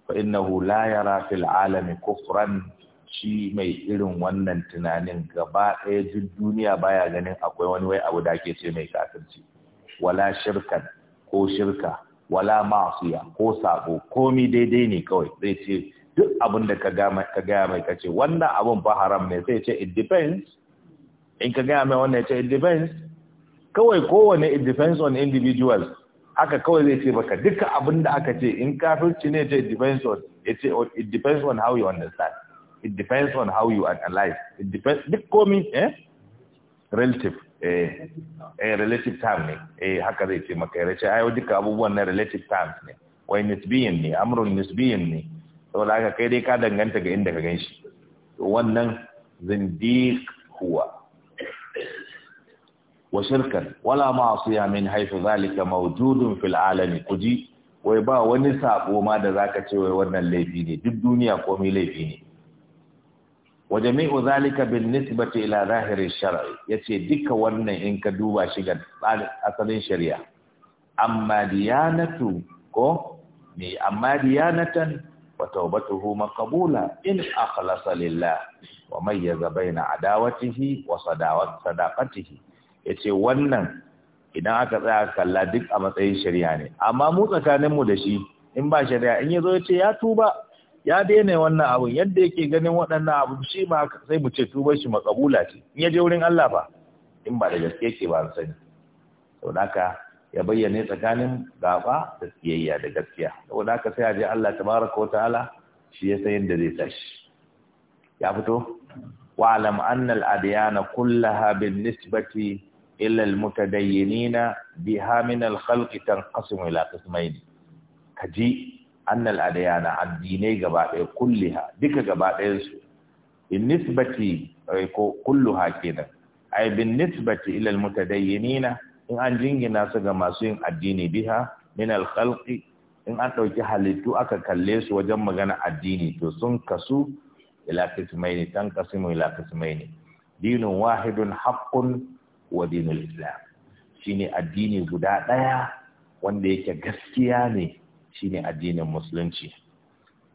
fa innahu la yara fil alami kufran shi mai irin wannan tunanin gaba ɗaya duk duniya baya ganin akwai wani wai abu da ake ce mai kasance. wala shirkan ko shirka wala ma'asiya ko sabo komi daidai ne kawai zai ce duk abin da ka gaya mai kace wannan abin ba haram ne sai ce it depends in ka gaya mai wannan ce it depends kawai kowane it depends on individual haka kawai zai ce baka duka abin da aka ce in kafirci ne ce it depends on it depends on how you understand it depends on how you analyze it depends duk komi eh relative eh eh relative term ne eh haka zai ce maka ya ayo duka abubuwan na relative terms ne wai nisbiyin ne amrun nisbiyin ne saboda haka kai dai ka danganta ga inda ka gan shi wannan zindiq huwa wa shirkan wala ma'siya min haythu zalika mawjudun fil alami kuji wai ba wani sabo ma da zaka ce wai wannan laifi ne duk duniya komai laifi ne wa jami'u zalika bin nisbati ila zahiri shar'i yace duka wannan in ka duba shi ga asalin shari'a amma diyanatu ko ne amma diyanatan wa tawbatuhu maqbula in akhlasa lillah wa mayyaza baina adawatihi wa sadaqatihi yace wannan idan aka tsaya kalla duk a matsayin shari'a ne amma mu tsakanin mu da shi in ba shari'a in yazo yace ya tuba ya daina wannan abun yadda yake ganin waɗannan abu shi ma sai mu ce tuba shi makabula ce in ya je wurin Allah fa in ba da gaske ke ba sani saboda haka ya bayyane tsakanin gaba da siyayya da gaskiya saboda haka sai a je Allah tabaraka wa ta'ala shi ya san yadda zai tashi ya fito wa alam anna al adyana kullaha bin nisbati illa al mutadayyinina biha min al khalqi tanqasim ila qismayn kaji anna al adyana addinai gaba daya kulliha duka gaba ɗayan su bin nisbati eh, ko kulluha kenan ay bin nisbati ila al mutadayyinina in an jingina su ga masu yin addini biha min alkhalqi in an ɗauki halittu aka kalle su wajen magana addini to sun kasu ila kismaini tan kasimu ila kismaini dinun wahidun haqqun wa dinul islam shine addini guda ɗaya wanda yake gaskiya ne shine addinin musulunci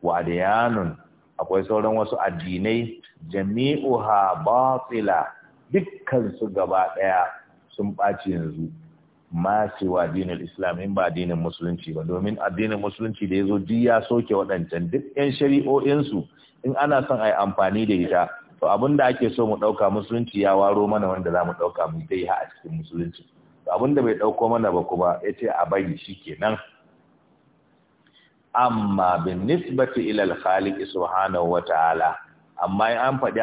wa adyanun akwai sauran wasu addinai jami'uha batila dukkan su gaba ɗaya sun ɓaci yanzu ma wa dinin islam in ba addinin musulunci ba domin addinin musulunci da ya zo duk ya soke waɗancan duk 'yan shari'o'insu in ana son a yi amfani da ita to abin da ake so mu ɗauka musulunci ya waro mana wanda za mu ɗauka mu dai ha a cikin musulunci to abin da bai ɗauko mana ba kuma ya ce a bari shi kenan amma bin nisbati ilal khaliq subhanahu wa ta'ala amma in an faɗi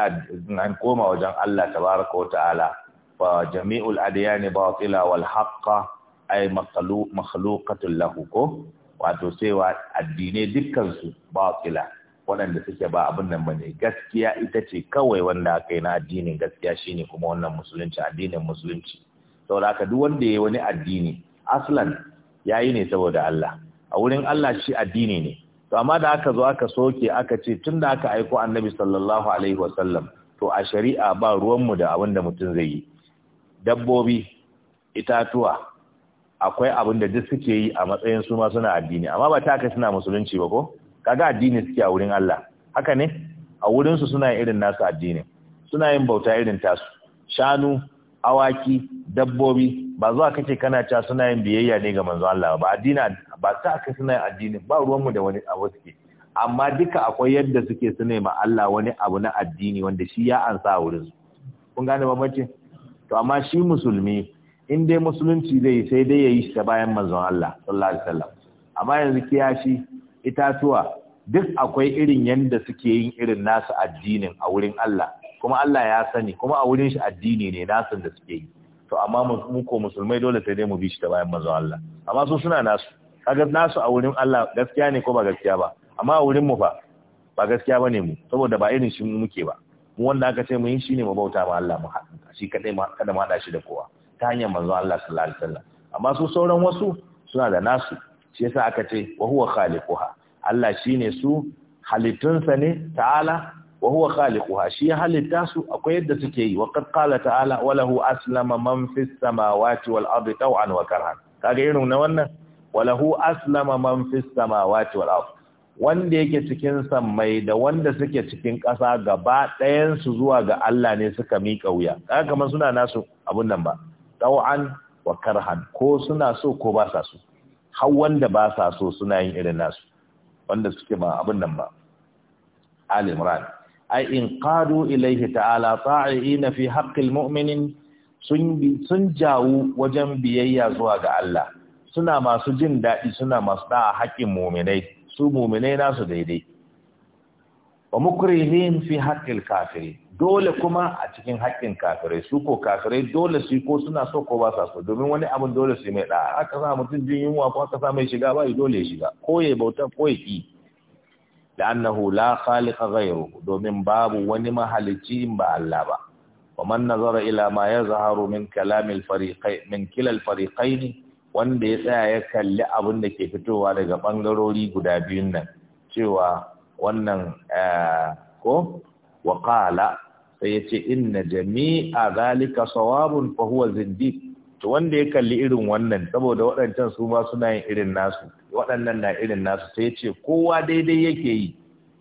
an koma wajen Allah tabaraka wa ta'ala fa jami'ul adyani batila wal haqqa ay makhluqatul lahu ko wato cewa addinai dukkan su batila waɗanda suke ba abin nan bane gaskiya ita ce kawai wanda aka yi na addinin gaskiya shine kuma wannan musulunci addinin musulunci saboda haka duk wanda yayi wani addini aslan yayi ne saboda Allah a wurin Allah shi addini ne to amma da aka zo aka soke aka ce tun da aka aiko annabi sallallahu alaihi wasallam to a shari'a ba ruwanmu da abinda da mutum zai yi dabbobi itatuwa akwai abin da duk suke yi a matsayin su ma suna addini amma ba ta kai suna musulunci ba ko kaga addini suke a wurin Allah haka ne a wurin su suna irin nasu addini suna yin bauta irin tasu shanu awaki dabbobi ba zuwa kace kana ta suna yin biyayya ne ga manzo Allah ba addini ba ta kai suna yin addini ba ruwan mu da wani abu suke amma duka akwai yadda suke su ma Allah wani abu na addini wanda shi ya ansa a wurin su kun gane bambancin to amma shi musulmi in dai musulunci zai sai dai ya yi shi ta bayan manzon Allah sallallahu alaihi wasallam amma yanzu kiyashi itatuwa duk akwai irin yanda suke yin irin nasu addinin a wurin Allah kuma Allah ya sani kuma a wurin shi addini ne nasu da suke yi to amma mu ko musulmai dole sai dai mu bi shi ta bayan manzon Allah amma su suna nasu kaga nasu a wurin Allah gaskiya ne ko ba gaskiya ba amma a wurin mu fa ba gaskiya bane mu saboda ba irin shi muke ba mu wanda aka ce mu yi shine mu bauta ma Allah mu haɗa shi kadai ma kada mu haɗa shi da kowa ta hanyar manzo Allah sallallahu alaihi wasallam amma su sauran wasu suna da nasu shi yasa aka ce wa huwa khaliquha Allah shine su halittunsa ne ta'ala wa huwa khaliquha shi halitta su akwai yadda suke yi wa qad qala ta'ala wa lahu aslama man fis samawati wal ardi taw'an wa karhan kaga irin na wannan wa lahu aslama man fis samawati wal ardi wanda yake cikin sammai da wanda suke cikin ƙasa gaba ɗayansu zuwa ga Allah ne suka miƙa wuya kaga kamar suna nasu abun nan ba tau'an wa karhan ko suna so ko ba sa so har wanda ba sa so suna yin irin nasu wanda suke ba abun nan ba Ali Imran ai in qadu ilayhi ta'ala na fi haqqil mu'minin sun sun jawu wajen biyayya zuwa ga Allah suna masu jin daɗi suna masu a haƙƙin mu'minai su mu'minai nasu daidai wa mukrihin fi haqqil kafiri dole kuma a cikin haƙƙin kafirai su ko kafirai dole su ko suna so ko ba sa so domin wani abin dole su mai da aka sa mutum jin yunwa ko aka sa mai shiga bai dole ya shiga ko ya bauta ko ya ki la'annahu la khaliqa ghayru domin babu wani mahalicci in ba Allah ba wa man nazara ila ma yazharu min kalamil fariƙai min kilal wanda ya tsaya ya kalli abin da ke fitowa daga ɓangarori guda biyun nan cewa wannan eh, ko waƙala sai ya ce inna jami'a zalika sawabun fa huwa to wanda ya kalli irin wannan saboda waɗancan su ba suna yin irin nasu waɗannan na irin nasu sai ya ce kowa daidai yake yi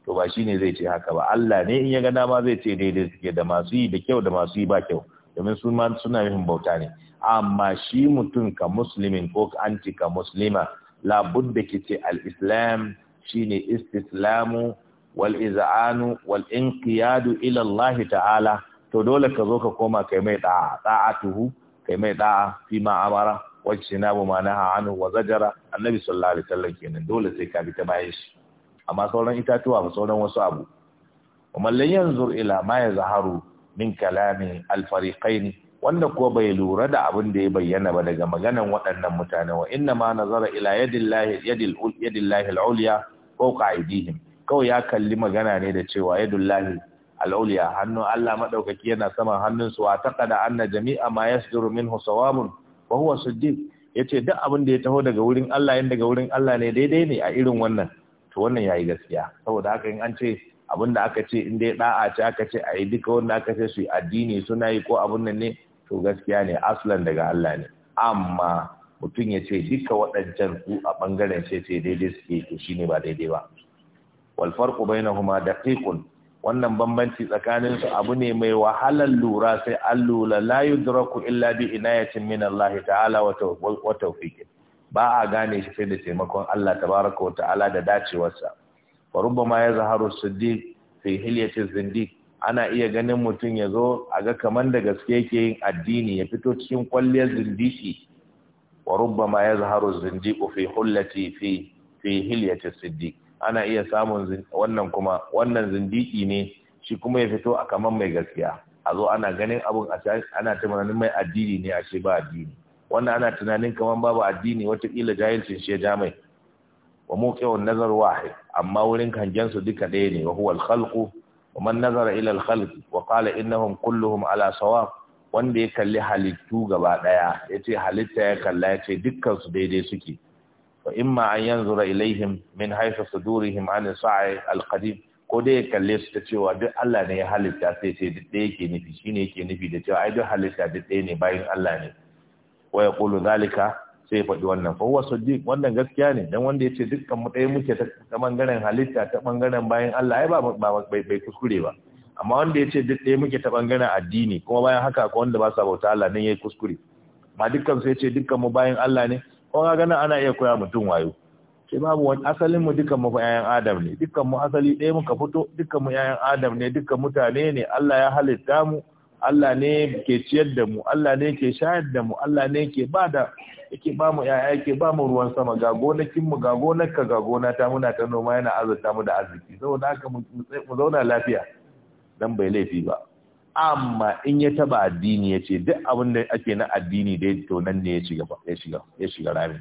to ba shine zai ce haka ba Allah ne in ya ga dama zai ce daidai suke da masu yi da kyau da masu yi ba kyau domin su suna yin bauta ne amma shi mutum ka muslimin ko anti ka muslima labudda kice al-islam shine istislamu wal iz'anu wal inqiyadu ila Allah ta'ala to dole ka zo ka koma kai mai da'a da'atuhu kai mai da'a fi ma amara wajtinabu ma naha anhu wa zajara annabi sallallahu alaihi wasallam kenan dole sai ka bi ta bayan shi amma sauran itatuwa ba sauran wasu abu ومن لن ila إلى ما min من كلام الفريقين wanda ko bai lura da abin da ya bayyana ba daga maganan waɗannan mutane wa inna ma nazara ila yadillahi yadil yadillahi al-ulya ko kawai ya kalli magana ne da cewa yadullahi al-ulya hannun Allah madaukaki yana saman hannun su wa taqada anna jami'a ma yasduru minhu sawabun wa huwa siddiq yace duk abin da ya taho daga wurin Allah yin daga wurin Allah ne daidai ne a irin wannan to wannan yayi gaskiya saboda haka in an ce abin da aka ce in dai da'a ce aka ce ayi duka wanda aka ce su addini suna yi ko abun nan ne to gaskiya ne aslan daga Allah ne amma mutum ya ce duka waɗancan ku a ɓangaren ce sai daidai suke to ne ba daidai ba wal farqu bainahuma daqiqun wannan bambanci tsakanin su abu ne mai wahalar lura sai an lura la yudraku illa bi inayatin min Allah ta'ala wa tawfiqin ba a gane shi sai da taimakon Allah tabaraka wa ta'ala da dacewarsa ya rubbama yazharu siddiq fi hilyati zindiq ana iya ganin mutum ya zo a ga kamar da gaske yake yin addini ya fito cikin kwalliyar zindiki wa Rubba ma ya zaharu zindiku fi hullati fi fi hilyati siddi. ana iya samun wannan kuma wannan zindiki ne shi kuma ya fito a kamar mai gaskiya a zo ana ganin abun a ana tunanin mai addini ne a shi ba addini wannan ana tunanin kamar babu addini watakila jahilcin shi ya ja mai wa muqiyun nazar wahid amma wurin hangen duka ɗaya ne wa huwa khalqu ومن نظر إلى الخلق وقال إنهم كلهم على صواب wanda ya kalli halittu gaba ya yace halitta ya kalla yace dukkan su daidai suke fa imma an yanzu ra ilaihim min haythu sudurihim an sa'i alqadim ko dai ya kalle su ta cewa duk Allah ne ya halitta sai sai duk ɗaya yake nufi shine yake nufi da cewa ai duk halitta duk ɗaya ne bayin Allah ne wa yaqulu zalika sai faɗi wannan fa huwa siddiq wannan gaskiya ne dan wanda yace dukkan mu ɗaya muke ta bangaren halitta ta bangaren bayan Allah ai ba bai kuskure ba amma wanda yace duk ɗaya muke ta bangaren addini kuma bayan haka akwai wanda ba sa bauta Allah nan yayi kuskure Ma dukkan su yace dukkan mu bayan Allah ne ko ga ganin ana iya koya mutum wayo sai babu wani asalin mu dukkan mu ƴaƴan Adam ne dukkan mu asali ɗaya muka fito dukkan mu ƴaƴan Adam ne dukkan mutane ne Allah ya halitta mu Allah ne ke ciyar da mu Allah ne ke shayar da mu Allah ne ke ba da yake ba mu yaya yake ba mu ruwan sama ga gonakin mu ga gonakka ga ta muna ta noma yana azurta mu da arziki saboda haka mu zauna lafiya dan bai laifi ba amma in ya taba addini ya ce duk abin da ake na addini dai to nan ne ya shiga ya shiga rami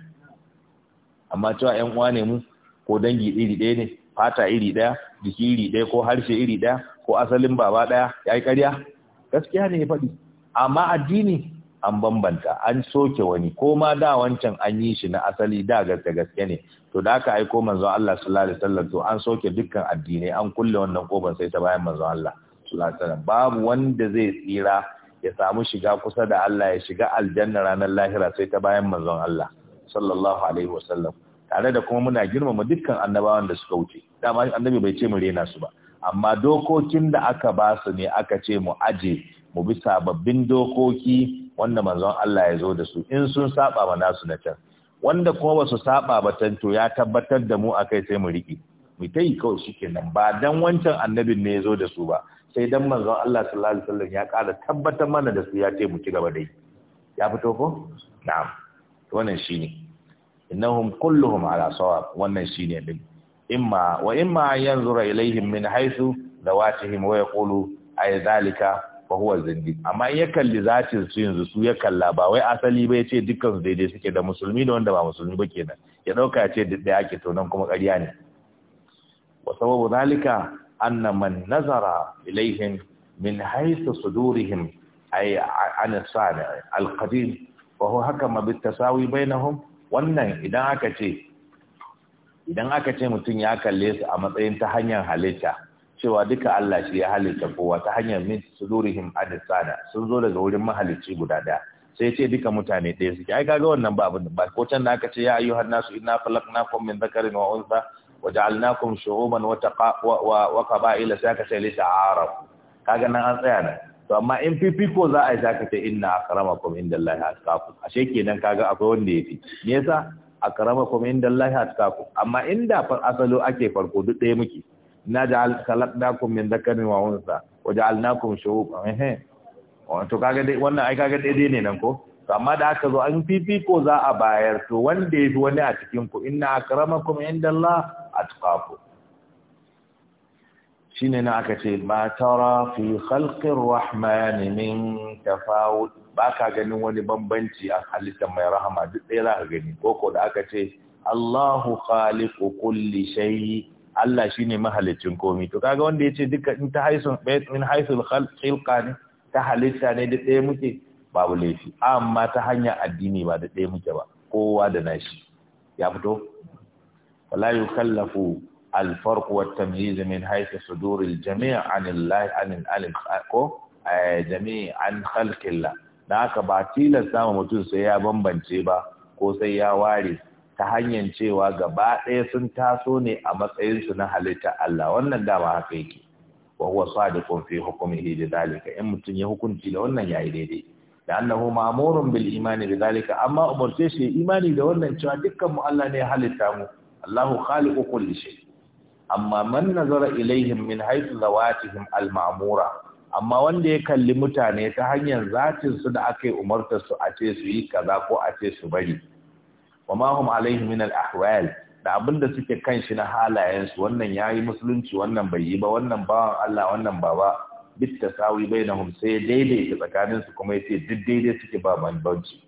amma cewa yan uwa ne mu ko dangi iri ɗaya ne fata iri ɗaya jiki iri ɗaya ko harshe iri ɗaya ko asalin baba ɗaya yi ƙarya gaskiya ne ya faɗi amma addini an bambanta an soke wani ko ma da wancan an yi shi na asali da gaske gaske ne to da aka aiko manzon Allah sallallahu alaihi wasallam to an soke dukkan addinai an kulle wannan koban sai ta bayan manzon Allah sallallahu alaihi wasallam babu wanda zai tsira ya samu shiga kusa da Allah ya shiga aljanna ranar lahira sai ta bayan manzon Allah sallallahu alaihi wasallam tare da kuma muna girmama dukkan annabawan da suka wuce dama annabi bai ce mu rena su ba amma dokokin da aka ba su ne aka ce mu aje mu bi sababbin dokoki wanda manzon Allah ya zo da su in sun saba ma nasu na can wanda kuma ba su saba ba can to ya tabbatar da mu akai sai mu riƙe mu ta yi kawai nan. ba dan wancan annabin ne ya zo da su ba sai dan manzon Allah sallallahu alaihi wasallam ya ƙara tabbatar mana da su ya ce mu ci gaba dai ya fito ko na'am wannan shine innahum kulluhum ala sawab wannan shine din imma wa imma yanzura ilaihim min haythu dawatihim wa yaqulu ay zalika fa huwa zindiq amma in ya kalli zatin su yanzu su ya kalla ba wai asali ba yace dukkan su daidai suke da musulmi da wanda ba musulmi ba kenan ya dauka ya ce da ake to nan kuma karya ne wa sababu zalika anna man nazara ilaihim min haythu sudurihim ay an sani al-qadim wa huwa hakama bit tasawi bainahum wannan idan aka ce idan aka ce mutum ya kalle su a matsayin ta hanyar halitta cewa duka Allah shi ya halitta kowa ta hanyar min sudurihim adisana sun zo daga wurin mahalicci guda daya sai ce duka mutane ɗaya suke ai kaga wannan ba abin ba ko can da aka ce ya ayyuhan nasu inna khalaqnakum min dhakarin wa untha wa ja'alnakum shu'uban wa wa qaba'ila sai aka ce lita ta'arafu kaga nan an tsaya nan to amma in ko za a yi zaka ce inna akramakum indallahi atqakum ashe kenan kaga akwai wanda yafi me yasa ya indallahi atqakum amma inda far asalo ake farko duk ɗaya muke ja'al khalaqnakum min dhakarin wa wa ja'alnakum shu'uban eh to kaga dai wannan ai kaga dai ne nan ko to amma da aka zo an fifiko za a bayar to wanda yafi wani a cikin ku inna akramakum indallahi atqakum shine na aka ce ma tara fi khalqir rahman min tafawut ba ganin wani bambanci a halittar mai rahama duk ɗaya za ka gani koko da aka ce Allahu khaliqu kulli shay Allah shine mahalicin komai to kaga wanda ce duka in ta haisun min haisul khilqa ne ta halitta ne duk ɗaya muke babu laifi amma ta hanya addini ba da ɗaya muke ba kowa da nashi ya fito wala yukallafu الفرق والتمييز من حيث صدور الجميع عن الله عن عن جميع عن خلق da haka ba tilasta ma mutum sai ya bambance ba ko sai ya ware ta hanyar cewa gaba ɗaya sun taso ne a matsayinsu na halitta Allah wannan dama haka yake wa huwa sadiqun fi hukmihi da zalika in mutum ya hukunci da wannan yayi daidai da annahu ma'murun bil imani bi zalika amma umarce shi imani da wannan cewa dukkan mu Allah ne ya halitta mu Allahu khaliqu kulli shay amma man nazara ilaihim min haythu zawatihim al ma'mura amma wanda ya kalli mutane ta hanyar su da aka yi umartar su a ce su yi kaza ko a ce su bari wa mahum alaihi min al-ahwal da abinda suke kan shi na halayensu wannan yayi musulunci wannan bai yi ba wannan bawan Allah wannan baba bit tasawi bainahum sai daidaita tsakanin su kuma ce duk daidai suke ba banbanci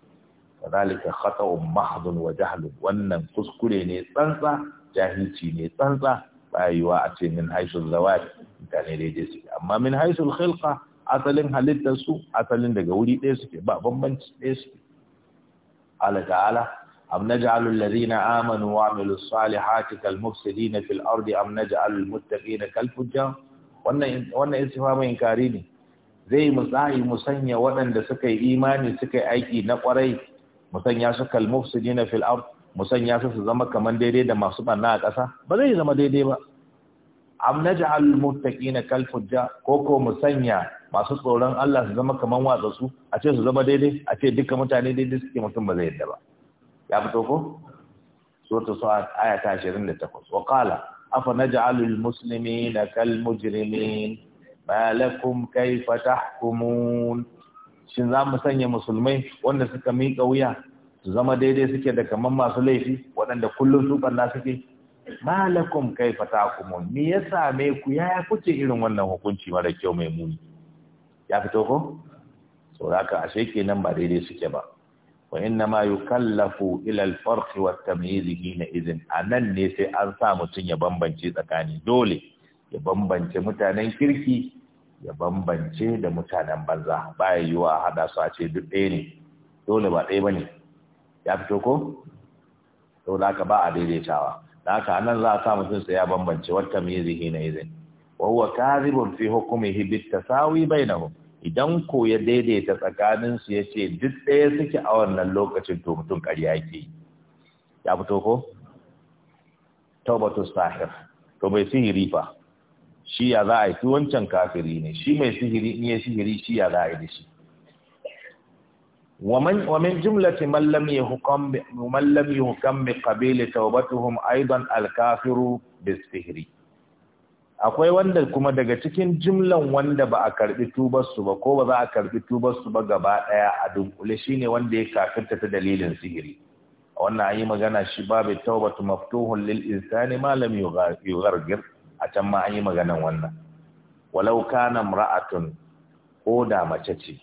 kadhalika khata'un mahdun wa jahlun wannan kuskure ne tsantsa jahilci ne tsantsa ba a ce min haisul zawad mutane daidai suke amma min haisul khilqa asalin halittar su asalin daga wuri ɗaya suke ba bambanci ɗaya suke Allah ta'ala am naj'alul ladhina amanu wa amilus salihati kal mufsidina fil ardi am naj'alul muttaqina kal fujjar wannan wannan istifhamu inkari ne zai musahi musanya waɗanda suka yi imani suka yi aiki na ƙwarai musanya su kal mufsidina fil ardi musanya su su zama kamar daidai da masu banna a ƙasa ba zai zama daidai ba am naj'al muttaqina kal fujja ko ko musanya masu tsoron Allah su zama kamar su. a ce su zama daidai a ce duka mutane daidai suke mutum ba zai yadda ba ya fito ko suratul sa'ad aya ta 28 wa qala afa al muslimina kal mujrimin ma lakum kayfa tahkumun shin za mu sanya musulmai wanda suka miƙa wuya su zama daidai suke da kamar masu laifi waɗanda kullum su ɓanna suke malakum kai fata kuma me ya same ku ya kuce irin wannan hukunci mara kyau mai muni ya fito ko sauraka ashe kenan ba daidai suke ba wa inna ma yi kallafu ilal farki wa at gina izin a nan ne sai an sa mutum ya bambance tsakani dole ya bambance mutanen kirki ya bambance da mutanen banza baya yiwa hada su a ce duk ɗaya ne dole ba ɗaya ba ne. ya fito ko da ka ba a daidaitawa da haka nan za a sa mutum sai ya bambance wata zihi na izin wa huwa kadhibun fi hukmihi sawi bai bainahum idan ko ya daidaita tsakanin su ce duk ɗaya suke a wannan lokacin to mutum ƙarya yake ya fito ko tawbatu sahir to mai sihiri fa shi ya za a yi wancan kafiri ne shi mai sihiri in ya sihiri shi ya za a yi da shi ومن ومن جملة من لم يحكم من لم يحكم بقبيل توبتهم أيضا الكافر akwai wanda kuma daga cikin jimlan wanda ba a karbi tubarsu ba ko ba za a karbi tubarsu ba gaba daya a dunkule shine wanda ya kafirta ta dalilin sihiri a wannan an yi magana shi babu taubatu maftuhun lil insani ma lam yughargir a can ma an yi maganan wannan walau kana imra'atun ko da mace ce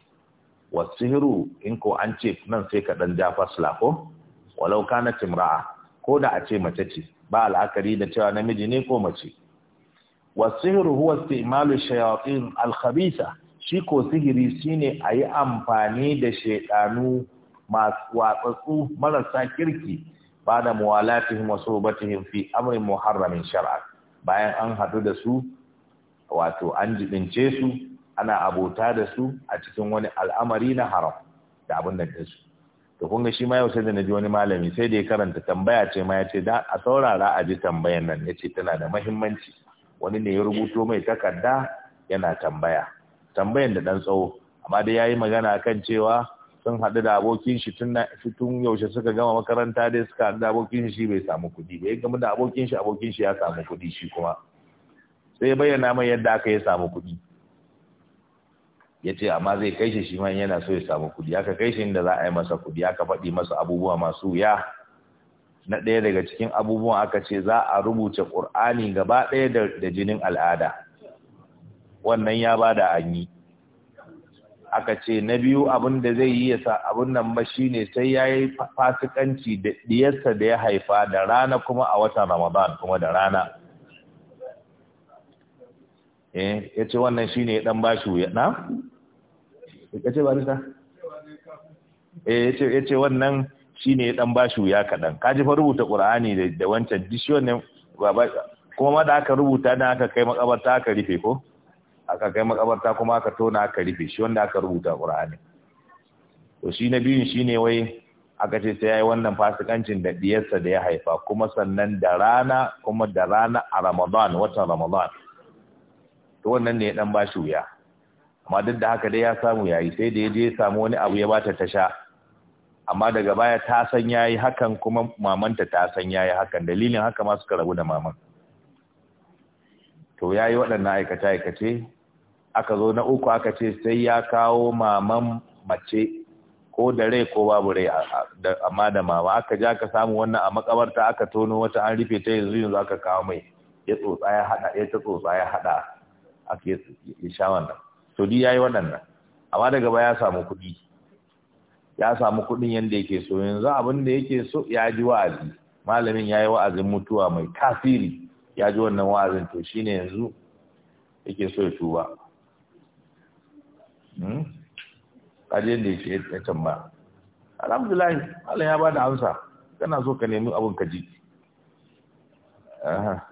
wasihiru in ko an ce nan sai ka dan ja fasla ko walau kana timra'a ko da a ce mace ce ba al'akari da cewa namiji ne ko mace wasihiru huwa istimalu shayatin al-khabisa shi ko sihiri shine ayi amfani da shedanu masu watsatsu marasa kirki ba da muwalatihim wa sobatihim fi amrin muharramin shar'a bayan an hadu da su wato an jibince su ana abota da su a cikin wani al'amari na haram da abin da su to kun ga shi ma yau sai da naji wani malami sai da ya karanta tambaya ce ma ya ce da a saurara a ji tambayan nan ya ce tana da mahimmanci wani ne ya rubuto mai takarda yana tambaya tambayan da dan tsawo amma dai yayi magana kan cewa sun haɗu da abokin shi tun tun yaushe suka gama makaranta dai suka haɗu da abokin shi bai samu kuɗi ba ya gama da abokin shi abokin shi ya samu kuɗi shi kuma sai bayyana mai yadda aka ya samu kuɗi ya ce amma zai kai shi shi man yana so ya samu kudi aka kai shi inda za a yi masa kudi aka faɗi masa abubuwa masu wuya na ɗaya daga cikin abubuwan aka ce za a rubuce ƙur'ani gaba ɗaya da jinin al'ada wannan ya ba da an yi aka ce na biyu abin da zai yi yasa abin nan ba shi ne sai ya yi fasikanci da ɗiyarsa da ya haifa da rana kuma a watan ramadan kuma da rana eh, ya ce wannan shi ne ɗan ba shi wuya na ya ce ba nisa eh ya ce wannan shi ne bashi wuya kaɗan ka ji fa rubuta ƙura'ani da wancan ne kuma ma da aka rubuta da aka kai makabarta aka rufe ko aka kai makabarta kuma aka tona aka rufe shi wanda aka rubuta ƙura'ani to shi na biyun shi ne wai aka ce sai ya yi wannan fasikancin da ɗiyarsa da ya haifa kuma sannan da rana kuma da rana a ramadan watan ramadan to wannan ne dan bashi wuya amma duk da haka dai ya samu yayi sai da ya je samu wani abu ya bata ta sha amma daga baya ta san yayi hakan kuma mamanta ta san yayi hakan dalilin haka ma suka rabu da maman to yayi waɗannan aikata aikace aka zo na uku aka ce sai ya kawo maman mace ko da rai ko babu rai amma da mama aka ja ka samu wannan a makabarta aka tono wata an rufe ta yanzu yanzu aka kawo mai ya tsotsa ya hada ya tsotsa ya hada aka ya sha to di yayi waɗannan amma daga baya ya samu kuɗi ya samu kuɗin yanda yake so yanzu abin da yake so ya ji wa'azi malamin yayi wa'azin mutuwa mai tasiri ya ji wannan wa'azin to shine yanzu yake so ya tuba hmm? kaje da yake ya tamba alhamdulillah Allah ya bada amsa kana so ka nemi abin ka ji aha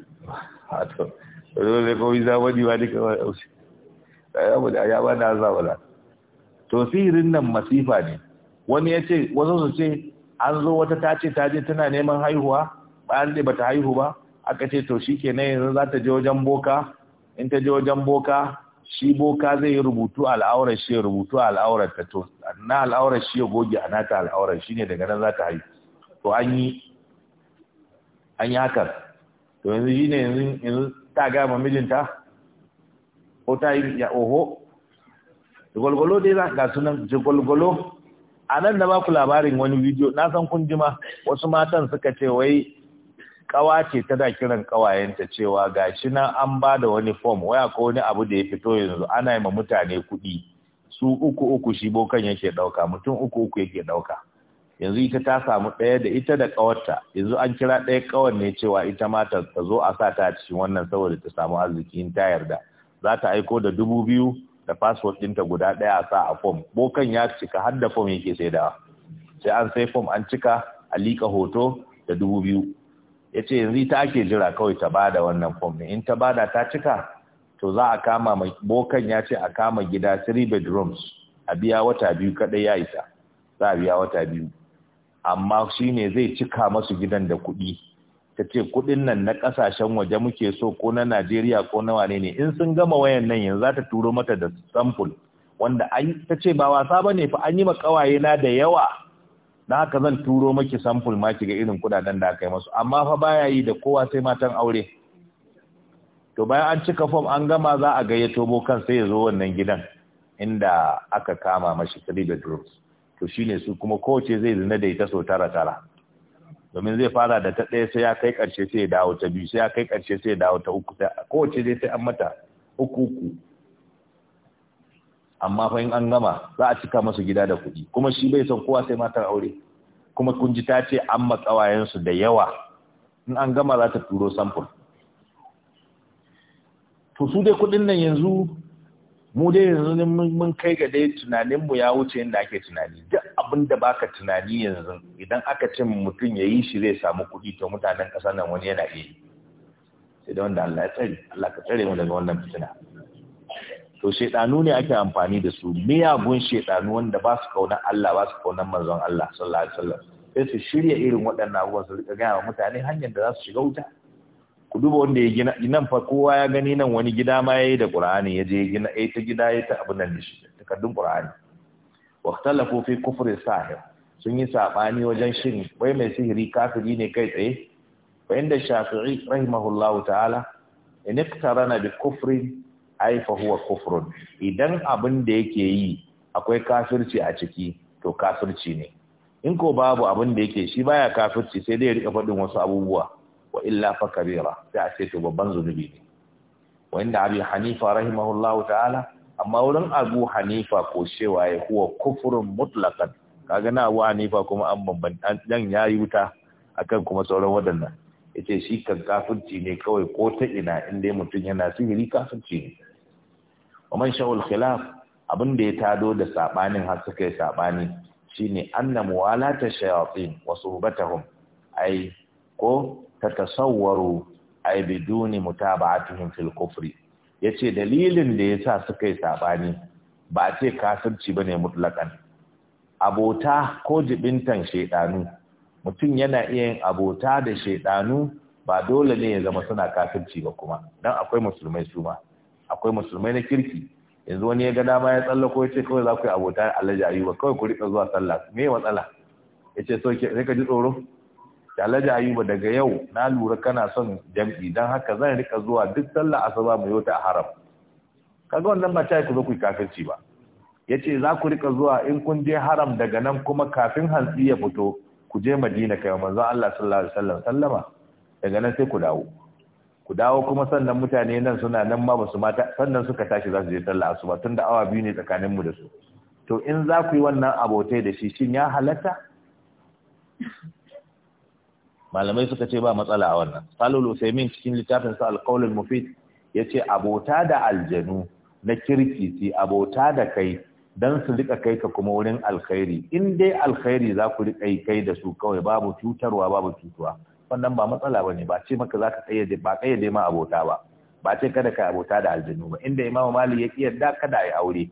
to dole ko yi ba wadi ka ausi ya ba na za wala to sihirin nan masifa ne wani ya ce su ce an zo wata ta ce ta je tana neman haihuwa bayan dai bata haihu ba aka ce to shi kenan yanzu za ta je wajen boka in ta je wajen boka shi boka zai yi rubutu al'aurar shi rubutu al'aurar ta to na al'aurar shi ya goge a nata al'aurar shi ne daga nan za ta haihu to an yi an yi hakan to yanzu shi ne yanzu ta gaya mamijinta mijinta ko ta yi ya oho jigwalgwalo dai za ga sunan jigwalgwalo a nan da ba labarin wani bidiyo na san kun jima wasu matan suka ce wai kawa ce ta da kiran kawayenta cewa ga shi an ba da wani fom waya ko wani abu da ya fito yanzu ana yi ma mutane kuɗi su uku uku shi bokan yake ɗauka mutum uku uku yake ɗauka yanzu ita ta samu ɗaya da ita da kawarta yanzu an kira ɗaya ƙawar ne cewa ita matar ta zo a sa ta cikin wannan saboda ta samu arziki in ta yarda za ta aiko da dubu biyu da password ɗinta guda ɗaya a sa a form bokan ya cika har da form yake sai da sai an sai fom an cika a liƙa hoto da dubu biyu ya ce yanzu ta ake jira kawai ta bada wannan fom. ne in ta bada ta cika to za a kama bokan ya ce a kama gida three bedrooms a biya wata biyu kaɗai ya isa za a biya wata biyu amma shi ne zai cika masu gidan da kuɗi Ta ce kuɗin nan na kasashen waje muke so ko na Najeriya ko na wane ne in sun gama wayan nan yanzu za ta turo mata da sample wanda an ta ce ba wasa ba ne fa an yi ma ƙawaye na da yawa na haka zan turo maki sample ma ki ga irin kuɗaɗen da aka yi masu amma fa baya yi da kowa sai matan aure to bayan an cika form an gama za a gayyato kan sai ya zo wannan gidan inda aka kama mashi three bedrooms to shine su kuma kowace zai zina da ita so tara tara domin zai fara da ta ɗaya sai ya kai ƙarshe sai ya dawo ta biyu sai ya kai ƙarshe sai ya dawo ta uku kowace dai sai an mata uku uku amma fa in an gama za a cika masa gida da kuɗi kuma shi bai son kowa sai matar aure kuma kun ji ta ce an matsawayensu da yawa in an gama za ta turo samfur to su dai kuɗin nan yanzu mu dai yanzu mun kai ga dai tunaninmu ya wuce inda ake tunani duk abin da baka tunani yanzu idan aka ce mutum ya yi shi zai samu kuɗi to mutanen ƙasar nan wani yana iya sai da wanda Allah ya tsare Allah ka tsare mu daga wannan fitina to shedanu ne ake amfani da su miyagun shedanu wanda ba su kauna Allah ba su kauna manzon Allah sallallahu alaihi wasallam sai su shirya irin waɗannan abubuwan su riƙa gaya wa mutane hanyar da za su shiga wuta ku duba wanda ya gina nan fa kowa ya gani nan wani gida ma yayi da Qur'ani ya je gina ai ta gida ya ta abin nan da shi takardun Qur'ani wa fi kufri sahir sun yi sabani wajen shin wai mai sihiri kafiri ne kai tsaye fa inda Shafi'i rahimahullahu ta'ala in iktarana bi kufri ai fa huwa kufrun idan abin da yake yi akwai kafirci a ciki to kafirci ne in ko babu abin da yake shi baya kafirci sai dai ya rika faɗin wasu abubuwa wa illa fa kabira sai a ce to babban zunubi ne wa inda abi hanifa rahimahullahu ta'ala amma wurin abu hanifa ko cewa ya huwa kufurun mutlaqan kaga na abu hanifa kuma an bamban dan yayi wuta akan kuma sauran wadannan yace shi kan kafirci ne kawai ko ta ina in dai mutum yana sihiri kafirci ne wa man sha'ul khilaf abin da ya tado da sabanin har suka yi sabani shine anna muwalata shayatin wa suhbatahum ai ko tatasawwaru ay biduni mutaba'atihim fil kufri yace dalilin da yasa suka yi sabani ba ce kafirci bane mutlakan abota ko jibintan shedanu mutum yana iya yin abota da shedanu ba dole ne ya zama suna kasanci ba kuma dan akwai musulmai su ma akwai musulmai na kirki yanzu wani ya ga dama ya tsallako ya yace kawai za ku yi abota Alhaji ba kawai ku rika zuwa sallah me matsala yace so ke sai ka ji tsoro alhaji ayuba daga yau na lura kana son jam'i don haka zan rika zuwa duk sallah asuba mu yota haram kaga wannan ba ya kuzo ku kafirci ba yace za ku rika zuwa in kun je haram daga nan kuma kafin hantsi ya fito ku je madina kai manzon Allah sallallahu alaihi wasallam sallama daga nan sai ku dawo ku dawo kuma sannan mutane nan suna nan ma su mata sannan suka tashi za su je sallah asuba tunda awa biyu ne tsakanin mu da su to in za ku yi wannan abotai da shi shin ya halatta malamai suka ce ba matsala a wannan salulu usaimin cikin littafin sa alqaulul mufid yace abota da aljanu na kirki ci abota da kai dan su rika kai ka kuma wurin alkhairi in dai alkhairi za ku rika kai da su kawai babu cutarwa babu cutuwa wannan ba matsala bane ba ce maka zaka kayyade ba kayyade ma abota ba ba ce kada ka abota da aljanu ba inda imamu mali ya kiyarda kada a yi aure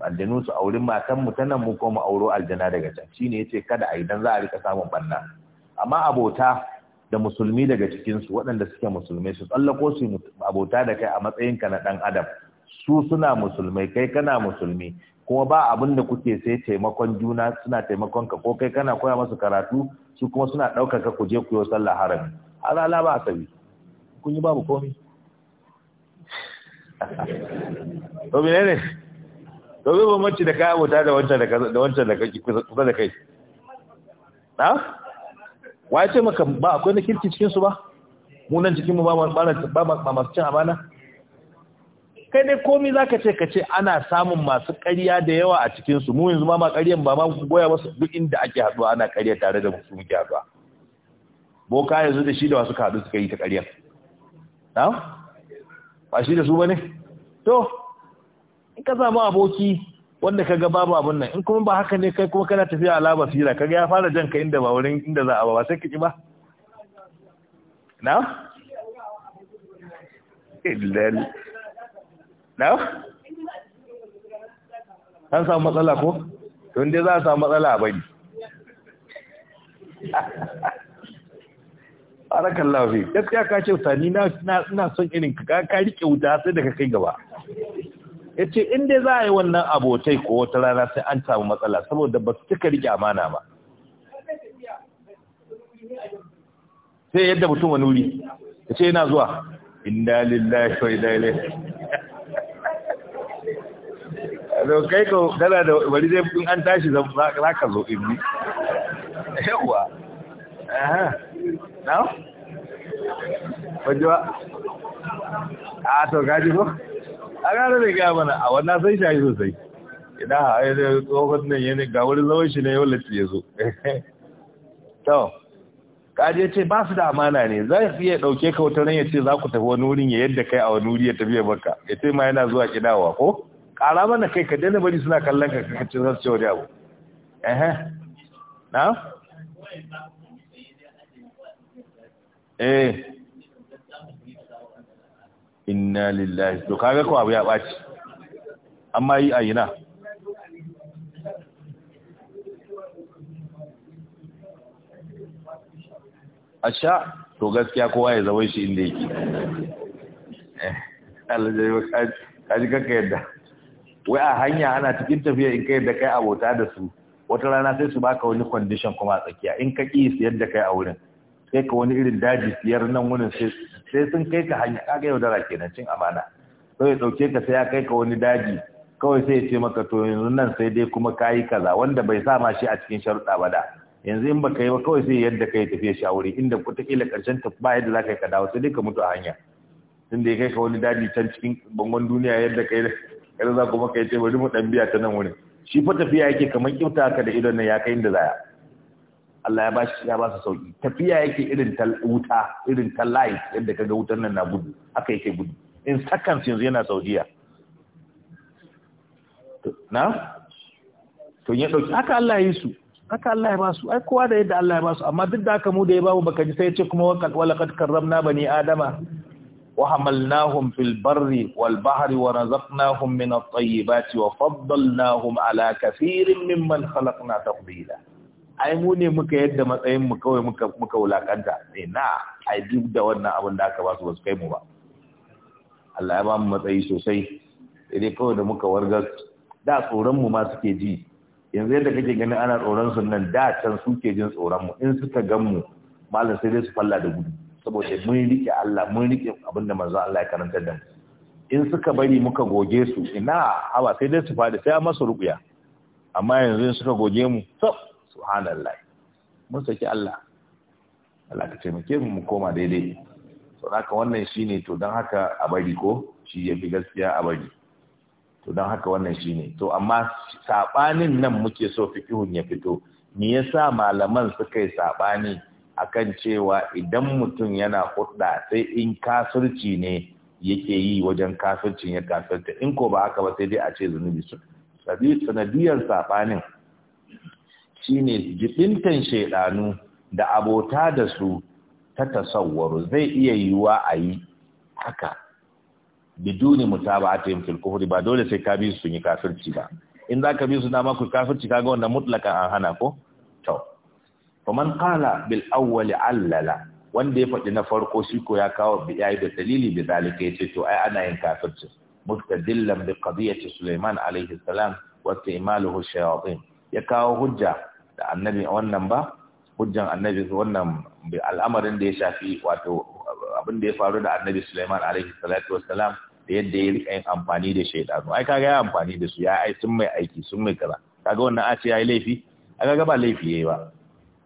aljanu su aurin matan mu ta mu ko mu auro aljana daga can shine yace kada a ai dan za a rika samun banna amma abota da musulmi daga cikinsu waɗanda suke musulmai su tsallako su abota da kai a matsayinka na ɗan adam su suna musulmai kai kana musulmi kuma ba abin da kuke sai taimakon juna suna taimakon ka ko kai kana koya masu karatu su kuma suna ɗaukaka ku je ku yi sallah harami alala ba asabi kun yi babu komi to ne to ba mace da kai abota da wancan da wancan da kusa da kai na wa ya ce maka ba akwai na kirki cikinsu ba munan cikinmu ba masu cin amana kai dai komai za ce kace ana samun masu ƙarya da yawa a cikinsu mu yanzu ma ma ƙaryan ba ma goya masu duk inda ake haɗuwa ana ƙarya tare da musu muke haɗuwa boka yanzu da shi da wasu kaɗu suka yi ta ƙarya na? ba shi da su ba ne? to in ka samu aboki wanda kaga babu abin nan in kuma ba haka ne kai kuma kana tafiya ala basira kaga ya fara jan ka inda ba wurin inda za a ba sai kiki ba na illal na an samu matsala ko to inda za a samu matsala a bari barakan lafi gaskiya ka ce sani na son irin ka ka rike wuta sai da ka kai gaba ya ce in dai za a yi wannan abotai ko wata rana sai an samu matsala saboda ba su cika riƙe amana ba sai yadda mutum wani wuri ya ce yana zuwa inda lillahi wa da ilaihi da kai ko kana da wani zai fi an tashi za ka zo ibni yawa aha na? Wajewa? A ah, to gaji ko? a gara da gaya mana a wannan sai shayi sosai idan a yi da tsohon nan yana ga wurin zaman shi ne yau lati ya zo to kaji ya ce ba su da amana ne za su iya ɗauke ka wata ya ce za ku tafi wani wurin ya yadda kai a wani wuri ya tafi ya baka ya ce ma yana zuwa kidawa ko ƙara mana kai ka daina bari suna kallon ka ka ce za wani abu na eh. inna lillahi to kaga ko abu ya baci amma yi ayina a sha to gaskiya kowa ya zama shi inda yake eh, alajayi kaji kanka yadda wai a hanya ana cikin tafiya in kai yadda kai abota da su wata rana sai su baka wani kwandishan kuma a tsakiya in ka kiyi yadda kai a wurin kai ka wani irin daji siyar nan wani sai sun kai ka hanya kaga yaudara kenan cin amana sai ya dauke ka sai ya kai ka wani daji kawai sai ya ce maka to yanzu nan sai dai kuma ka yi kaza wanda bai sa ma shi a cikin sharuɗa ba da yanzu in baka yi ba kawai sai yadda ka yi tafiya shawuri inda kila ƙarshen ta ba yadda za ka yi ka dawo sai dai ka mutu a hanya tunda ya kai ka wani daji can cikin bangon duniya yadda kai yadda za kuma kai ce bari mu ɗan biya ta nan wurin shi fa tafiya yake kamar kyauta haka da idon nan ya kai inda zaya Allah ya ba shi ya ba su sauki tafiya yake irin ta wuta irin ta light yadda kaga wutar nan na gudu haka yake gudu in seconds yanzu yana Saudiya na to ya dauki haka Allah ya yi su haka Allah ya ba su ai kowa da yadda Allah ya ba su amma duk da haka mu da ya bamu baka ji sai ya ce kuma walaqad karramna bani adama wa hamalnahum fil barri wal bahri wa razaqnahum min at-tayyibati wa faddalnahum ala kathirin mimman khalaqna tafdila ai mu ne muka yadda matsayin mu kawai muka muka wulakanta eh na ai duk da wannan abin da aka ba su ba su kai mu ba Allah ya ba mu matsayi sosai sai dai kawai da muka warga da tsoron mu ma suke ji yanzu yadda kake ganin ana tsoron su nan da can suke jin tsoron mu in suka gan mu malam sai dai su falla da gudu saboda mun rike Allah mun rike abin da manzo Allah ya karanta da mu in suka bari muka goge su ina hawa sai dai su fadi sai a masa rukuya amma yanzu in suka goge mu to subhanallah mun saki Allah Allah ka taimake mu mu koma daidai to haka wannan shine to dan haka a bari ko shi yafi gaskiya a bari to dan haka wannan shine to amma sabanin nan muke so fikihun ya fito me yasa malaman suka yi sabani akan cewa idan mutum yana hudda sai in kafirci ne yake yi wajen kasurcin ya kafirta in ko ba haka ba sai dai a ce zunubi su sanadiyar sabanin shine jibintan shaidanu da abota da su ta tasawwaru zai iya yiwa a yi haka biduni mutaba'atihim fil kufri ba dole sai ka bi su yi kafirci ba in za ka bi su dama ku kafirci kaga wannan mutlaka an hana ko to man qala bil awwal allala wanda ya faɗi na farko shi ko ya kawo yayi da dalili bi zalika yace to ai ana yin kafirci mustadillan bi qadiyati sulaiman alaihi salam wa istimaluhu shayatin ya kawo hujja da annabi wannan ba hujjan annabi wannan al'amarin da ya shafi wato abin da ya faru da annabi Sulaiman alaihi salatu wassalam da yadda ya rika yin amfani da shaidanu ai kaga ya amfani da su ya ai sun mai aiki sun mai kaza kaga wannan a ce yayi laifi aka ga ba laifi yayi ba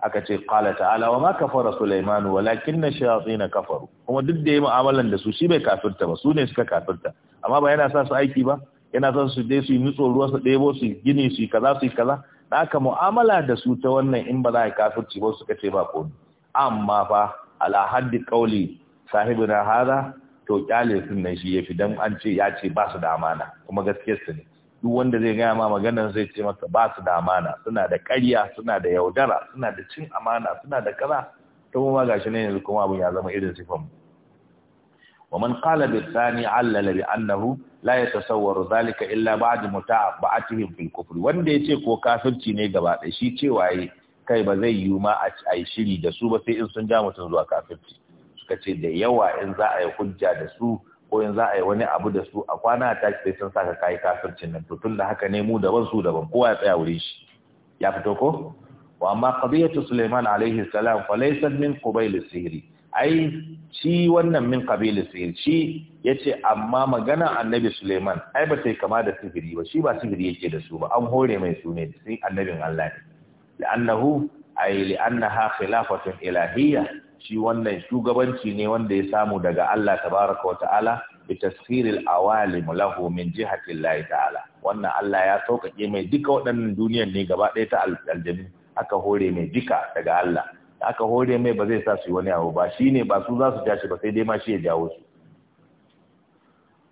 aka ce qala ta'ala wa ma kafara Sulaiman walakin ash-shayatin kafaru kuma duk da yayi mu'amalan da su shi bai kafirta ba su ne suka kafirta amma ba yana sa su aiki ba yana sa su dai su yi nutso ruwa su ɗebo su gini su yi kaza su yi kaza haka mu'amala da su ta wannan in ba za a kafirci ba suka ce ba ko amma fa ala haddi qauli sahibina hada to kyale sun nan shi yafi dan an ce ya ce ba su da amana kuma gaske su ne duk wanda zai gaya ma maganar zai ce masa ba su da amana suna da karya, suna da yaudara suna da cin amana suna da kaza to kuma gashi ne yanzu kuma abin ya zama irin sifan mu wa man qala bi thani annahu la tasawwaru zalika illa ba'da muta'abatihim bil kufri wanda yace ko kafirci ne gaba ɗaya shi cewa yi kai ba zai yi ma a yi shiri da su ba sai in sun ja mutum zuwa kafirci suka ce da yawa in za a yi hujja da su ko in za a yi wani abu da su a kwana ta sai sun saka kai kafircin nan to tun da haka ne mu daban su daban kowa ya tsaya wurin shi ya fito ko wa amma qadiyatu sulaiman alaihi salam fa laysa min qabil sihri ai shi wannan min kabilu sai shi yace amma magana annabi Suleiman ai ba sai kama da sihiri ba shi ba sihiri yake da su ba an hore mai su ne sai annabin Allah ne la'annahu ai li'annaha khilafatun ilahiyya shi wannan shugabanci ne wanda ya samu daga Allah tabaraka wa ta'ala Awali lahu min jihati allah ta'ala. Wannan Allah ya sauƙaƙe mai duka waɗannan duniyar ne gaba ɗaya ta الجنة aka hore mai duka daga Allah. da aka hore mai ba zai sa su wani abu ba shi ne ba su za su ba sai dai ma shi ya jawo su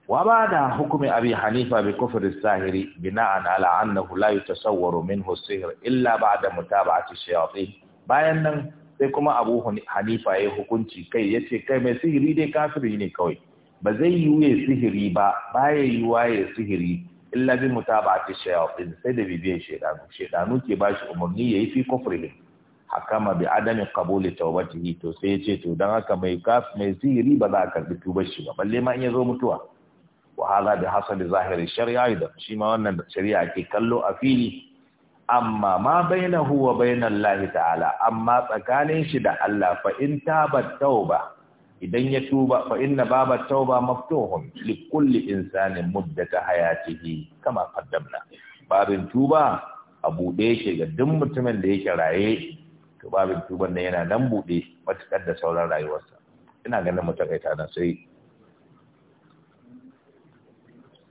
wa ba da hukumin abi hanifa bi kufri sahiri bina'an ala annahu la yatasawwaru minhu sihr illa ba'da mutaba'ati shayatin bayan nan sai kuma abu hanifa ya hukunci kai yace kai mai sihiri dai kafiri ne kawai ba zai yi ya sihiri ba baya yi ya sihiri illa bi mutaba'ati shayatin sai da bibiyar shedanu shedanu ke bashi shi umarni yayi fi kufri hakama bi adami qabuli tawbatihi to sai ya to dan haka mai kaf mai sihiri ba za a karbi tubar shi ba balle ma in ya zo mutuwa wa hadha bi hasabi zahiri shari'a idan shi ma wannan shari'a ke kallo a fili amma ma huwa huwa bainal lahi ta'ala amma tsakanin shi da Allah fa in taba tauba idan ya tuba fa inna babat tauba maftuhun li kulli insanin muddata hayatihi kama qaddamna babin tuba a buɗe yake ga duk mutumin da yake raye to babin tuban nan yana nan buɗe matuƙar da sauran rayuwarsa ina ganin mutakaita nan sai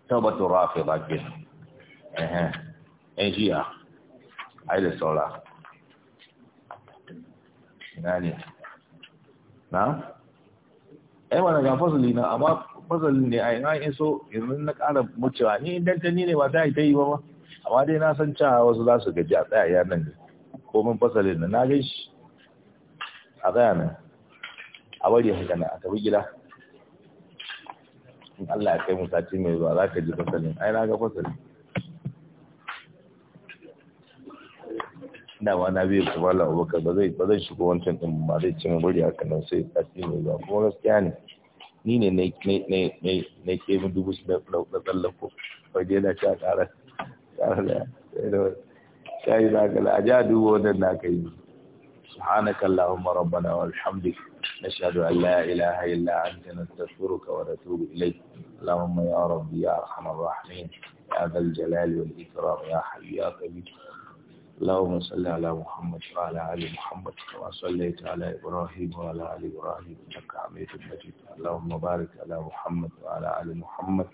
taubatu rafi bakin ehem yan jiya ai da saura ina ne na? ai wani ga fasali na amma fasali ne ai na iso yanzu na ƙara mucewa ni idan ta ni ne ba ta yi ta yi ba ba amma dai na san cewa wasu za su gaji a tsaya yanar ne komin fasalin da na gan shi a gaya nan a bari haka nan a tabi gida in Allah ya kai musaci mai zuwa za ka ji fasalin ai na ga fasalin ina ma na biyu kuma Allah ba zai ba zai shigo wancan din ba zai cin bari haka nan sai tsaki mai zuwa kuma gaskiya ne ni ne na ne ke mu dubu shi na tsallako waje na ta ƙara ƙara da شاي za ka a ja سبحانك اللهم ربنا والحمدك نشهد أن لا إله إلا أنت نستغفرك ونتوب إليك اللهم يا ربي يا أرحم الراحمين يا ذا الجلال والإكرام يا حي يا قدير اللهم صل على محمد وعلى آل محمد كما صليت على إبراهيم وعلى آل إبراهيم إنك حميد مجيد اللهم بارك على محمد وعلى آل محمد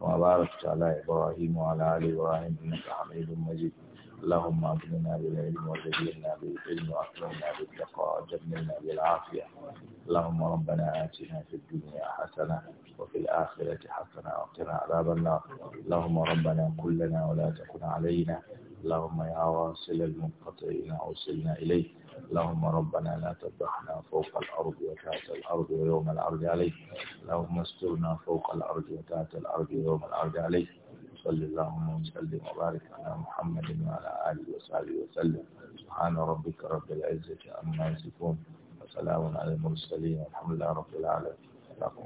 كما باركت على إبراهيم وعلى آل إبراهيم إنك حميد مجيد اللهم أبننا بالعلم وجبلنا بالعلم وأكرمنا بالتقوى وجبلنا بالعافية اللهم ربنا آتنا في الدنيا حسنة وفي الآخرة حسنة وقنا عذاب النار اللهم ربنا كلنا ولا تكن علينا اللهم يا واصل المنقطعين أوصلنا إليه اللهم ربنا لا تذبحنا فوق الأرض وتحت الأرض ويوم الأرض عليه اللهم استرنا فوق الأرض وتحت الأرض ويوم الأرض عليه وصل اللهم وسلم وبارك على محمد وعلى آله وصحبه وسلم سبحان ربك رب العزة عما يصفون وسلام على المرسلين والحمد لله رب العالمين